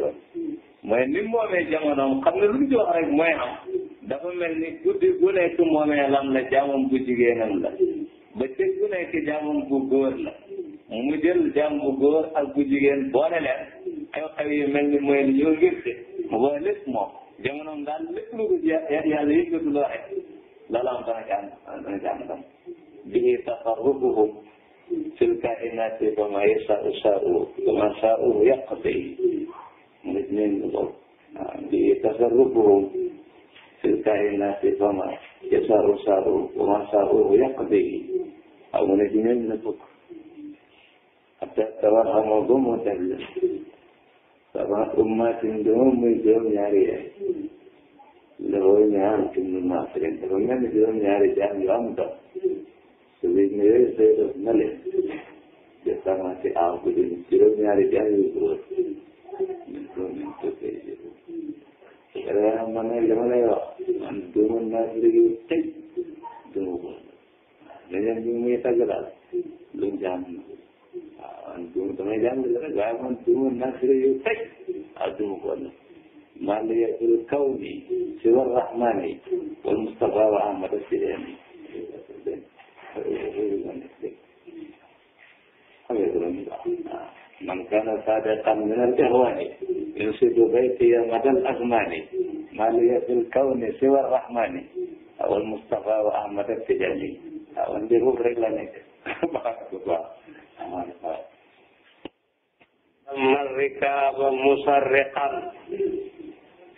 ni moomee jamonoom xam ne lu ñu wax rek mooy am dafa mel ni guddi gu nekk moomee lam la jaamam bu jigéenam la bëccëg gu nekk jaamam bu góor la mu jël jaam bu góor ak bu jigéen boole leen xew-xew yi mel ni mooy li ñoo gis de mu boole lépp moom jamonoom daal lépp lu ko yàlla yëkkatuloo rek loolu fil kainaati ba ma yasau saau ba ma saau yaqdi nit ñi ko di tasarrufuhum fil kainaati ba ma yasau saau ba ma saau yaqdi amu nit ñi ne ko hatta tawarhamu ba mu dellu saba ummatin doom muy juróom ñaari yaay la wooy ñaar ci mu maasirin dafa mel ni juróom ñaari jaam yu am doom te biñ ñëwee saytu na leen jëf sama si aw ko jëm juróom yu góor ñun loolu lañ ko koy jëf. yàlla man li ma lay man doomu naa fi liggéey tëj doomu ko leneen bi muy tàgg daal lu mu jàng na waaw man doomu damay jàng rek waaye man doomu naa fi liggéey tëj ah doomu ko nag maa ngi lay yàggal kaw nii si war rahmaani wal Mustafa man kaana saadiqan min al ixwaani yufsidu baytiya madal azmaani maa liya fil kawni siwa rahmaani awal Moustapha wa Ahmad ak Tijaani waaw mbir boobu rek la nekk أما الركاب مسرقا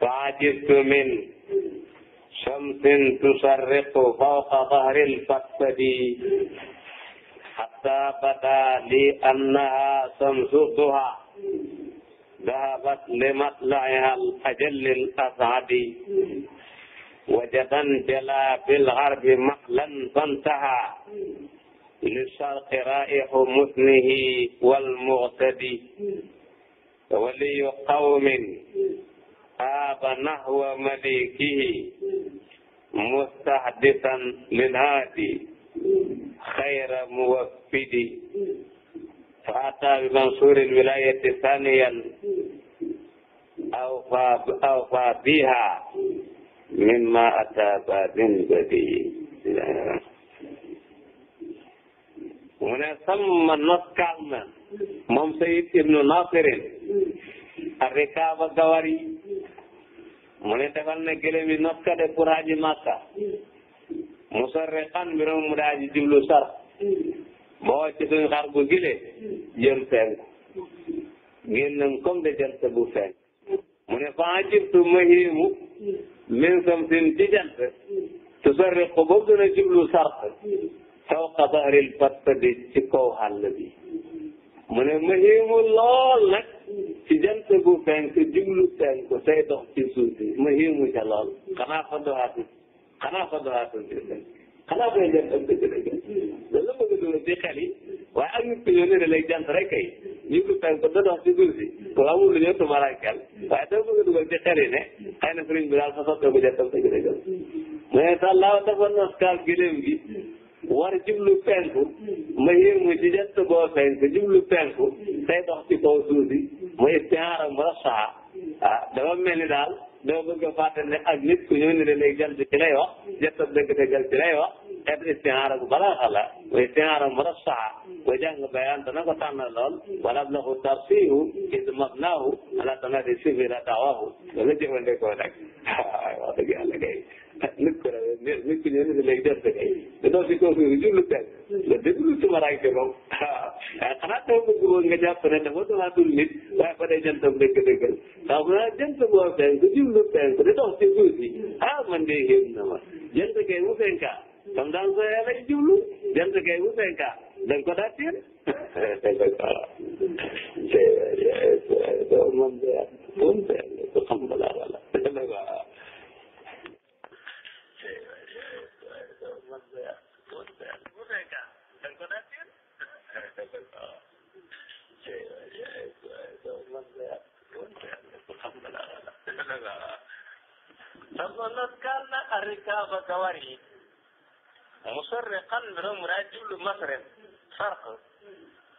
فعجزت منه shamsin tusarriqu fawqa dahril fasadi hatta bada li annaha shamsu duha dahabat li matla'iha al-ajalli al-as'adi wajadan jala fil gharbi maqlan fantaha للشرق رائح مثنه والمغتدي ولي قوم aaba nahwa malikihi mustahdisan lilhaadi xayra muwaffidi fa ata bi mansuri lwilayati saniyan aw fa biha mimma ata badin badi mu ne samma noskaal na moom sayid ibnu nasirin arrikaaba gawar yi mu ne defal na gëlëm yi nopp ka de pour aji Makka musarriqan mbiram mu daa ji jublu sar boo ci suñ xar gu gile jëm fenk génnam comme de jant bu fenk mu ne faa jibtu ma hiimu min samsin ko jant tusarriqu ba gën a jublu sart fawqa dahril fatt di ci kaw xàll bi mu ne ma hiimu lool nag ci jant bu fenk jublu fenk tey dox ci suuf si ma yéemu ca lool xanaa fa doxaatu xanaa fa doxaatu ci seen xanaa fay jant ak dëgg dëgg loolu la bëgg dund ci xel yi waaye ak ñu piñoo ne léegi jant rek kay jublu a da dox ci suuf si ko amul lu ñëw tumarankel waaye dama bëgg dugal ne xëy na sëriñ bi daal fa sottee ko jant ak dëgg dëgg mu ne sax laaw dafa nos gi war jublu penku ma yëngu ci geste boo fenk jublu penku tey dox ci kaw suuf si ma istihaara mu rasaha ah dama mel ni daal dama bëgg a fàtte ne ak nit ku ñëw ne de léegi jant ci lay wax geste dëgg dëggal ci lay wax xeet istihaara bu balaaxa la wa istihaara mu rasaha wa jàng bayaan dana ko tànn lool wala ablahu tarsihu is mabnaahu ala tanadi sifira dawahu loolu jëfandikoo nag wax dëgg yàlla kay nit ku ne nit ku ñëwee léegi def sa kay dañoo si kooku jublu pegg la déglu tumaranke moom xanaa taw bëgg woon nga jàpp ne dafa damaa dul nit waaye fa day jantam dëgg-dëggal waaw bu naa jant boo fenk jublu penk di dox si suuf si ah man de yéem na ma jant kay bu fenkaa comme daan soo yàlla jublu jant kay bu fenkaa dañ ko daa tiir man de ah man de ah xam nga daal wala mereka danga ko daan jël waaw tamanakana arrikaaba gawar yi musarriqan minhum rajulu masrin sarq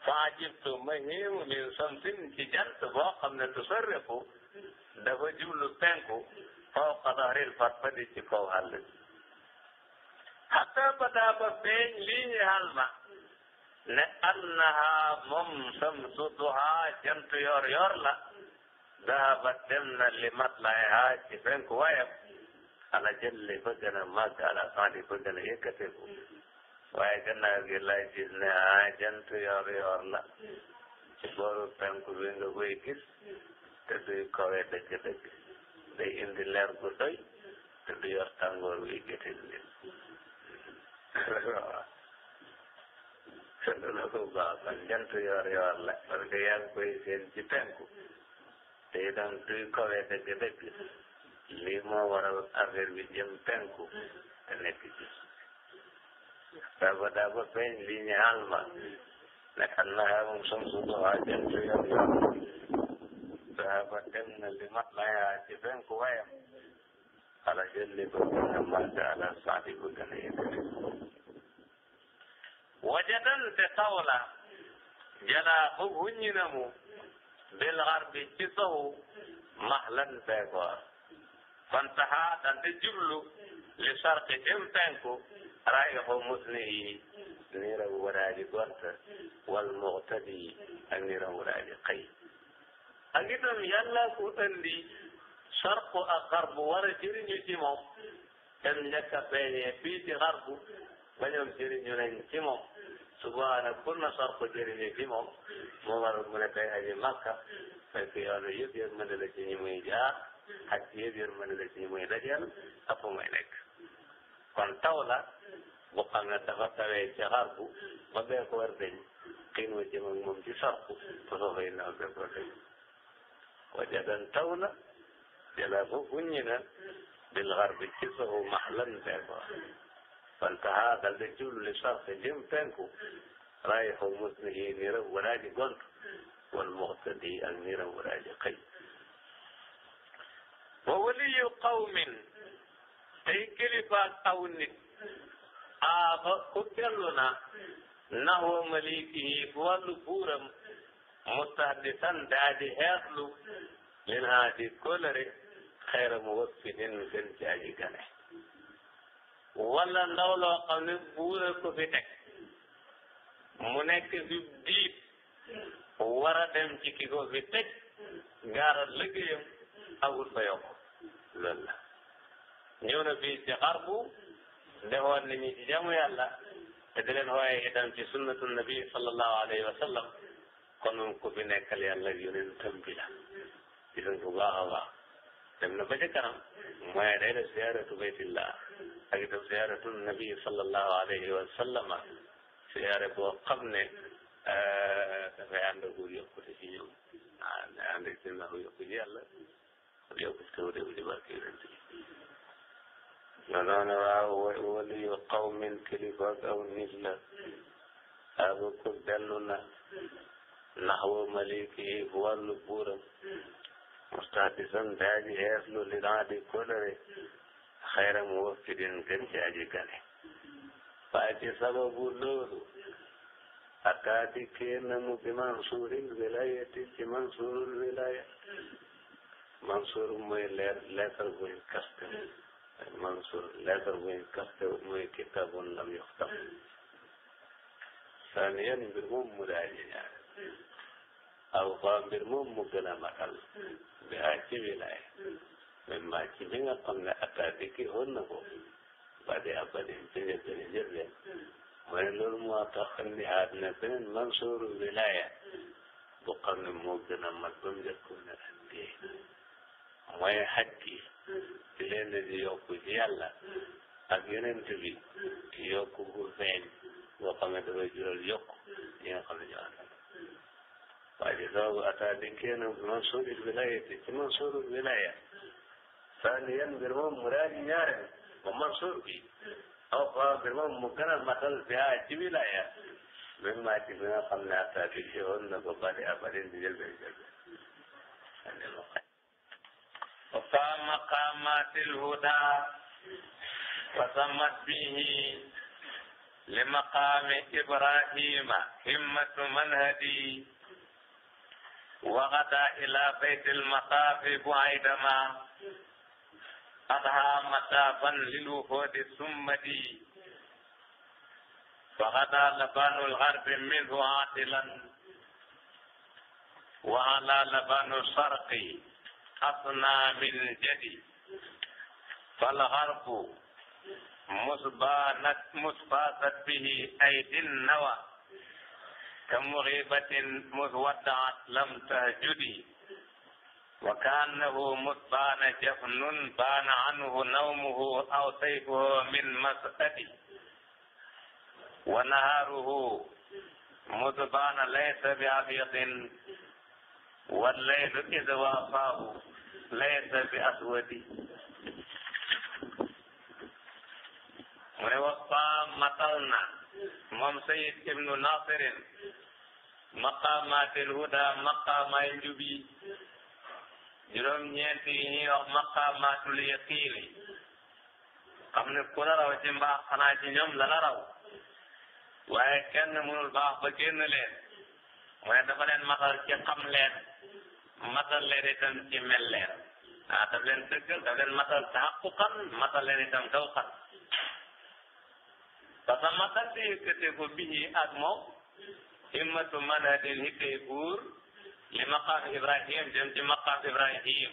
fa ajibtu mahim min samsin ci jant boo xam ne tusarriqu dafa jublu penku fawqa dahril farfadi ci kaw àll bi hatta bada ba feeñ lii ñu hal ma ne annaha moom samsu duha jant yor yor la dahabat dem na li matlaha ci fenku wayam ala jëlle ba gën a màgg ala sandi ba gën a yëkkateeku waaye gannaaw gi lay gis ne ah jant yor yor la ci booru penku bi nga gis te duy kowe dëgg-dëgg day indi leer gu doy du yor tàngoor wi gétil nit sëñ bi nag bu baax man jant la parce que yaa ngi koy seen ci penku te itam duy kawee dëgg-dëgg lii moo waral affaire bi jëm penku te nekk ci. daaba daaba feeñ lii ñu àll ma ne xam naa yaa moom samsu doxaa jant yor-yor daaba dem na li mat na yaa ci penku wayam ala jël li ko gën a màgg ala saati ko gën a yëkkati. wajadan te taw jalaa xub wuññi na mu bil garbi ci sowu mahlan fekkoor fantaha dante jublu li sarqi jëm penku rayixu musni yi niiraw waraaji gont wal muqtadi ak niiraw waraaji xëy ak itam yàlla ku andi sarqu ak garbu war a jëriñu ci moom dem njëkk a feeñee ci garbu ba ñoom jëriñu nañ ci moom suba nag pour na soog ko jëriñee fi moom moo waral mu ne tey aji Makka fekk yoonu yëpp yërmande la ci ñi muy jaar ak yëpp yërmande la ci ñi muy dajeel ak fu muy nekk kon taw la bu xam ne dafa tawee ci xarbu ba bee ko war dañ xiin wa jëm ak moom ci sarku te soo fay naaw bee ko war dañ wajadan taw la jëla bu fuññi na bil xarbi ci soxu maxlan bee ko fantaha dal di jublu li sax sa jëm penku raay xaw mos na yee niiram walaaji gont wal muqtadi ak niiram walaaji xëy. wa waliyu qawmin tey kilifaat aw nit aaba ku dellu na naxu malikihi bu wàllu buuram mustahdisan daa di xeexlu min haa di kóolare xayra mu wasfinin gën ci aji gane wala ndaw loo xam ne buur a ko fi teg mu nekk fi biit war a dem ci ki ko fi teg gaara liggéeyam awul fa yokk loolu la ñëw na fii ci xarbu defoon nañu jam jamu yàlla te di leen waaye itam ci sunnatu nabi sallallahu alayhi wa sallam kon ko fi nekkal yàlla yonentam bi la gis nga bu baax dem na ba ca kanam mooy day def ziyaaratu baytillah ak itam ziyaaratu nabi sallallahu alayhi wa sallama ziyaare boo xam ne eh, dafay ànd ak yokkute ci ñoom ah day ànd ak seen yokku ci yàlla yokku ci taw di barke yonent bi noonu waaw waliyu qawmin kilifa ak aw nit la aba ko dellu na naxwa maliki wàllu buuram mustahdisan day aji xees lu li danga di kóllëre xayra mu wafidin gën ci aji gane waaye ci sababu loolu ataati kee na mu bi mansuuril wilayati ci mansuurul wilaya mansuur mooy leer leetar buñ kaste mansuur mooy kitaabun lam yuxtam saniyan mbir moom mu daa ji aw faa mbir moom mu gën a matal bi haa ci wilaay min ma ci li nga xam ne ataa dikki woon na ko ba di abadin jële jële jële mu ne loolu moo tax andi aat ne beneen mansooru wilaaya bu xam ne moo gën a mat ba mu njëkk ne addee mooy hakki ci leen di yokku ci yàlla ak yonent bi yokku bu feeñ boo xam ne dafay jural yokku ñi nga xam ne ñoo ànd فإذا أتى دكين منصوب الولاية منصوب الولاية ثانيا برمم مراد نار ومنصوب به أو برمم مكان مثل فيها ولاية مما تبنى قبل أتى دكين وقال أبدين بجلب الجلب وقام مقامات الهدى وسمت به لمقام إبراهيم همة منهدي waqadaa ilaa baytil masaafi bu aydama adhaa masaafan lil wufoodi summadi waqadaa labaanul garbi minhu aadilan wa alaa labaanul sharqi asnaa min jadi fal garbu musbaanat musbaasat bihi aydin nawa ka muxibatin muswaddaat lam tahjudi wa kaannahu musbaana jafnun baana anhu nawmuhu aw sayfuhu min masadi wa nahaaruhu musbaana laysa bi abyadin wallaylu id waafaahu laysa bi aswadi mu ne wa faa matal na moom sayid ibnu nasirin maqaamaatil huda maqaamaay njub yi juróom ñeent yi ñuy wax maqaamaatul yaqiini xam ne ku la raw ci xanaa ji ñoom la la raw waaye kenn mënul baax ba génn leen mooy dafa leen matal ci xam leen matal leen itam ci mel leen ah daf leen dëggal daf leen matal taxaquqan matal leen itam dawqan a masal di yëkkate ko bihi ak moom himmatu manadin hittee buur li maqaam ibrahim jëm ci maqaam ibrahim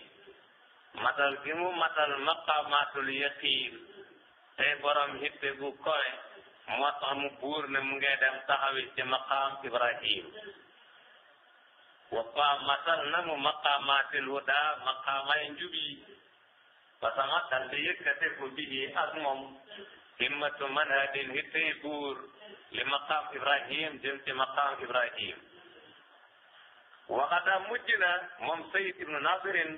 matal gi mu matal maqaamatul yaqiin tey borom hitte gu kowe moo tax mu buur ne mu ngay dem taxawi ci maqaam ibrahim wa matal na mu maqaamatil huda maqaamay njub yi fasa masal di yëkkate ko bihi ak moom himmatu man hadin hittay buur li maqaam ibrahim jëm ci maqaam ibrahim waxata mujj na moom sayid ibnu nasirin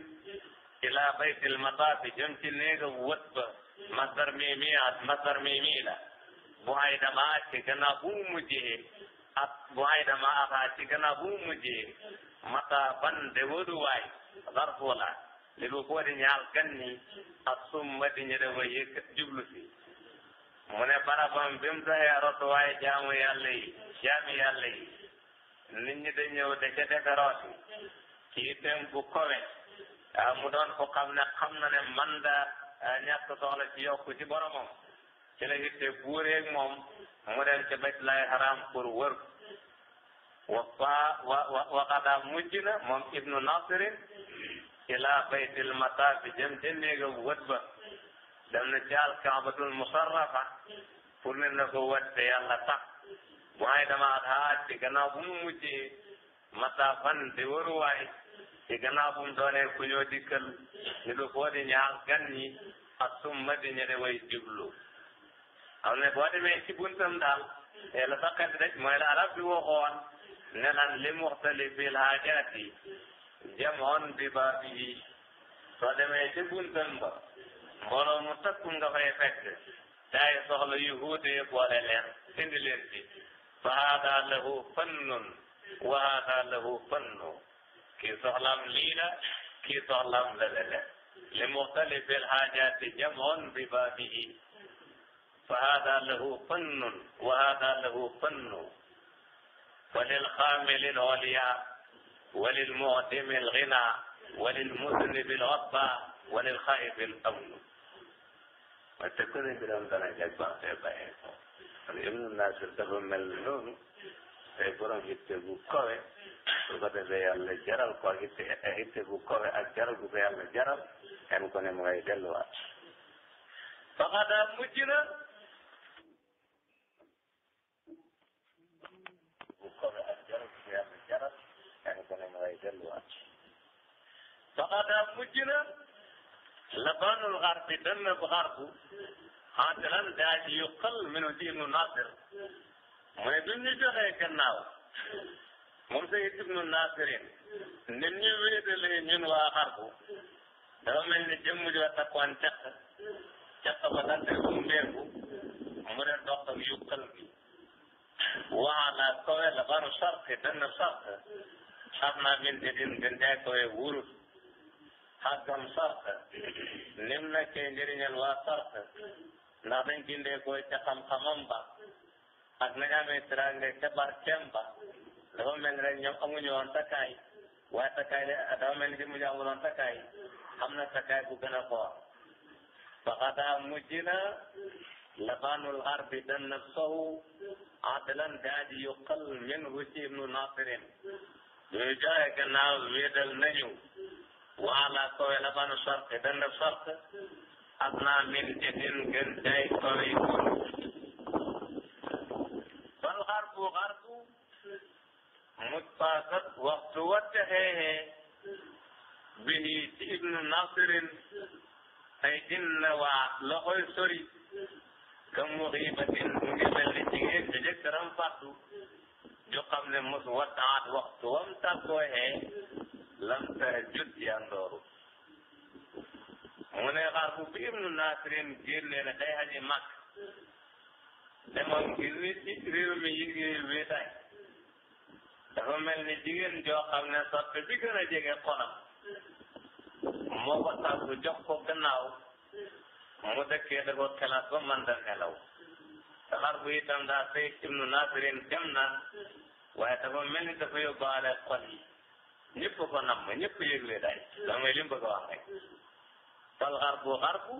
ila baytil mataafi jëm ci néega wët ba masdar mimi at masdar mimi la bu ay dama ci gannaaw bu mujjee at bu ay dama ataa ci gannaaw bu mujjee mata ban de wëduwaay zarfu la li bu ko di ñaal gan ni ak summa di ñu dafa yëkkat jublu si mu ne barabam bi mu doxee rotuwaay jaamu yàlla yi jaami yàlla ñi da ñëw da ca defe rooti ci itam bu kowe mu doon ko kam ne xam na ne man da ñàkk soxla ci yokku ci boromam ci la itte buureeg moom mu dem ca bët lay haram pour wër wa wa waqadaa mujj na moom ibnu nasirin ila baytil mataafi jëm ca néegam wët ba dem na ci alkaabatul musarrafa pour ne na ko watte yàlla tax bu hay dama at haaj ci mu mujjee masafan di waruwaay ci gannaaw bu mu doonee ku ñoo ni lu di ñaax gan ñi ak summa di ñene way jublu xam ne boo demee ci buntam daal te la saqet rek mooy la arab bi waxoon ne lan li muxtalifil haajaati jamoon bi baabihi soo demee ci buntam ba mbooloo mu takku nga fay fekk daay soxla yu wuutee boole leen indi leen ci fa haada lahu fannun wa haada lahu fannu kii soxlaam lii la kii soxlaam lale la li muxtalifi alxaajaati jamoon bi baabihi fa haada lahu fannun wa haada lahu fannu wa lil xaamili al oliya wa lil mu'timi al ghina wa lil mudnibi al ghaffa wa lil xaa'ifi al amnu ma te ko de mbiram dana jag ba nga koy bàyyee ko kon Ibnu Nasir dafa mel noonu tey borom itte bu kowe su ko defee yàlla jaral ko itte itte bu kowe ak jaral bu ko yàlla jaral kenn ku ne mu ngay delluwaat faxadaa mujj na bu kowe ak jaral bu ko yàlla jaral kenn ku ne mu ngay delluwaat faxadaa mujj na لبان الغرب دنب غرب xantelan daa ji yu xal minu diinu nasir mu ne duñ ñu joxee gannaaw moom sa ibnu nasirin nit ñu wéetalee ñun waa xarbu dafa mel ni jëmm joo takkoon caq caq ba dante bu mbeerku mu ne doxam yu xal bi waala kowe la banu sart dana sart xam naa min dedin gën jaay kowe wurut xàggam sarta nim nekkee njëriñal waa sarta ndax dañ gindeekoo ca xam-xamam ba ak nañ amee tiraange ca barkeem ba dafa mel ni rek ñoom amuñu woon takkaay waaye takkaay dafa mel ni ci mujj amul woon takkaay xam na takkaay bu gën a foor faxadaa mujj na labaanul xarbi dana sow adalan daaj yuqal min hu ci ibnu nasirin ñu joxe gannaaw wéetal nañu waala kowe la ban sarte benn sarte as naa min jëtin gën bal xarbu xarbu muj paasat waxtu watte xeexee bihi ci ibnu nasirin ay din waa loxoy sori ka muxiibatin mu ngi mel ni jigéen ja jëkkëram fàttu ju xam ne mos wattaat waxtu wam tàggoo xee lam tahjud yandooru mu ne xar bu ibnu nasirin génne ne day aji màkk ne moom ngir ni ci réew mi yëgee wéetaay dafa mel ni jigéen joo xam ne soppe bi gën a jege xonam moo ko tàggu jox ko gannaaw mu dëkkee da ko xelaat ba man da nelaw te xar bu itam daa say ibnu nasirin dem na waaye dafa mel ni dafa yóbbaale xol ñëpp ko namm ñëpp yëgle daay da mooy li mu bëgg a wax rek fal xarbu xarbu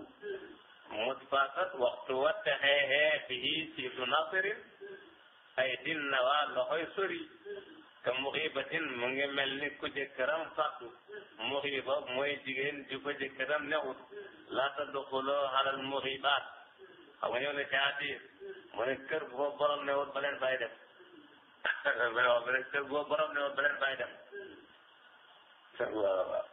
musbatat waxtu wa texeexee fii siitu nasirin ay din na waa loxoy sori te muxibatin mu ngi mel ni ku jëkkëram fàttu muxiba mooy jigéen ju ko jëkkëram nexut laa tadxuloo alal muxibaat xam nga ñëw na ci hadiis mu ne kër bu ko borom newut ba leen fay dem mais wax rek kër bu ko borom newut ba leen fay dem sax bu baax a baax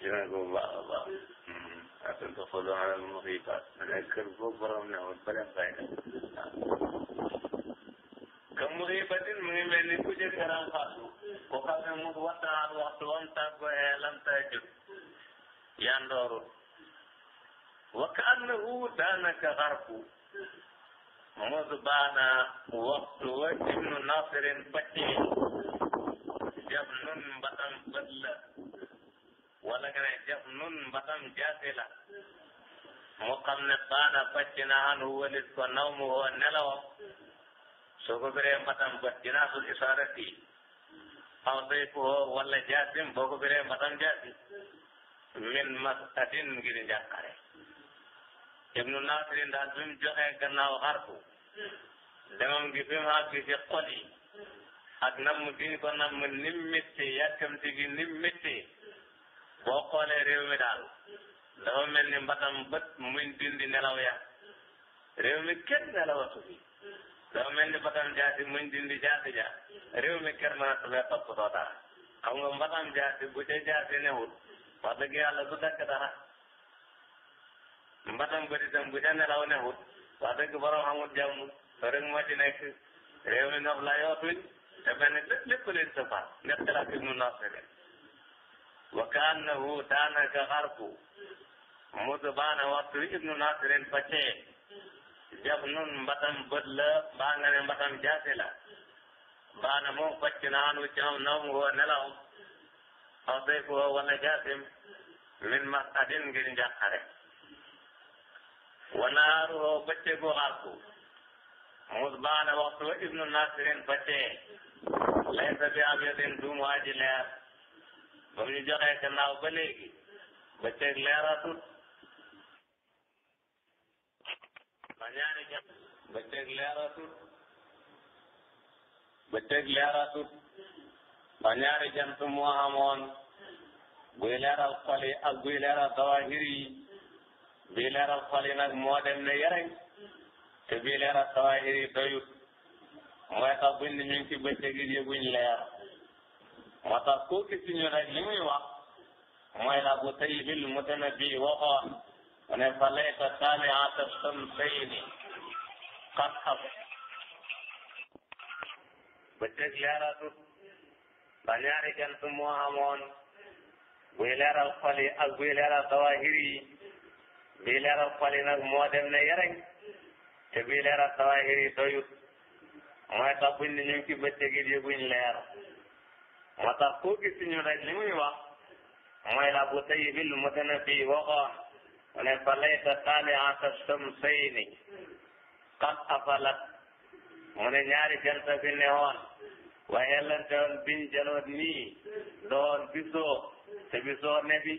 jëmee ko bu baax a baax aten to xolu alal musibaat ma ne kër boo borom ne woon ba dem bàyyi na ka musibatin mu ngi mel ni ku jëkkëram faatu ko xam ne mu waxtaan waxtu wam tàggoo lam taa jóg yandooru wa ka annahu daanaka xarfu musbaana waxtu wa ibnu nasirin faccee jaf nun mbatam bët la wala nga ne nun mbatam jaasi la mu xam ne baana facc na han walis ko naw mu woo nelawam soo ko biree mbatam bët jinaasul isarati aw day ko woo wala jaasim boo ko biree mbatam jaasi min masadin ngir njàqare ibnu Naasirin daal bi mu joxee gannaaw xarfu demam gi fi mu àgg ci xol yi ak namm gi ñu ko namm ni mu méttee yàkkamti gi ni mu méttee boo xoolee réew mi daal dafa mel ni mbatam bët muñ dindi nelaw ya réew mi kenn nelawatu fi dafa mel ni mbatam jaasi muñ dindi jaasi ja réew mi kenn mën a tubee topp doo dara xam nga mbatam jaasi bu ca jaasi newul wax dëgg yàlla du dakk dara mbatam ba itam bu ca nelaw newut wax dëgg borom amul jàmm soo rek moo ci nekk réew mi nof la yootuñ te benn lépp leen safar nekk la fi mu nof rek wa kaannahu daanaka xarku musu baana waxtu ibnu nasirin fa cee jab nun mbatam bët la mbaa nga ne mbatam jaase la baana moom facc naanu ci am noom woo nelaw aw wala jaasim min masadin ngir njàqare wanaaruhu bëccëgu arku musbaana waxtu wa ibnu nasirin bëccee laysa bi abyadin duumu aji leer ba mu ñu joxee gannaaw ba léegi bëccëg leeratut ba ñaari jàpp bëccëg leeratut bëccëg leeratut ba ñaari jant moo amoon buy leeral xol yi ak buy leeral dawahir yi bii leeral xol yi nag moo ne yereñ te bii leeral sawaahir yi doyut mooy tax buñ ne ñu ngi ci bëccëg yi yëguñ leer moo tax koo gis ñu rek li muy wax mooy la bu tayyibil mutanabbi mu ne fa laysa taami'ata shamsayni qad xab bëccëg leeratul ndax ñaari jant moo amoon buy leeral xol yi ak buy leeral sawaahir yi bii leeral xol yi nag moo dem ne yereñ te bii leeral sawaahir yi doyut mooy tax buñ ne ñu ngi ci bëccëg it yëguñ leer moo tax koo gis ñu rek li muy wax mooy la bu tayibil mutanabi waxoon mu ne fa layta taaliata shamsayni qad afalat mu ne ñaari jant fi ne woon waaye lante woon biñ janoot nii doon bisoo te bisoo ne bi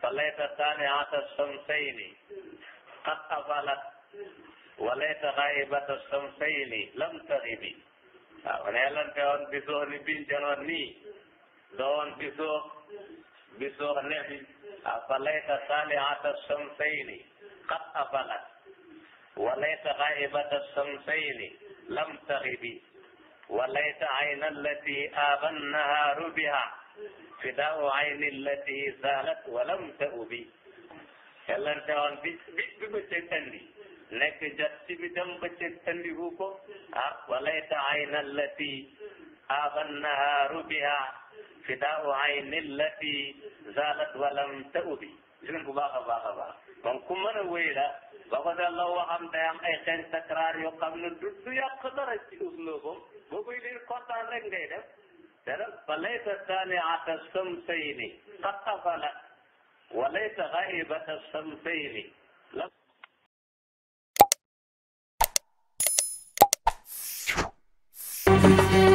salayta saaniata shamsayni qad afalat walayta ghaibata shamsayni lam taxibi waaw ne lan te woon bisoo ni biñ janoon nii doon bisoo bisoo nebi afalayta saaniata shamsayni qad afalat walayta ghaibata shamsayni lam taxibi walayta ayna allati aba nnaharu biha fidaa ayni allati zaalat walam ta'ubi xelante woon bi bi bi bëccëg andi nekk jot ci bi dem bëccëg andi wu ko ah walayta ayna allati aaba nahaaru biha fidaa ayni allati zaalat walam ta'ubi jërëm bu baax a baax a baax kon ku mën a wéy la ba ko delloo waxam day am ay xeeñ takraar yoo xam ne du du yàq dara ci usloobam boo koy liir kontaan rek ngay def dara fa layta taaniata samsayni qad tafalat wa layta gaibata samsayni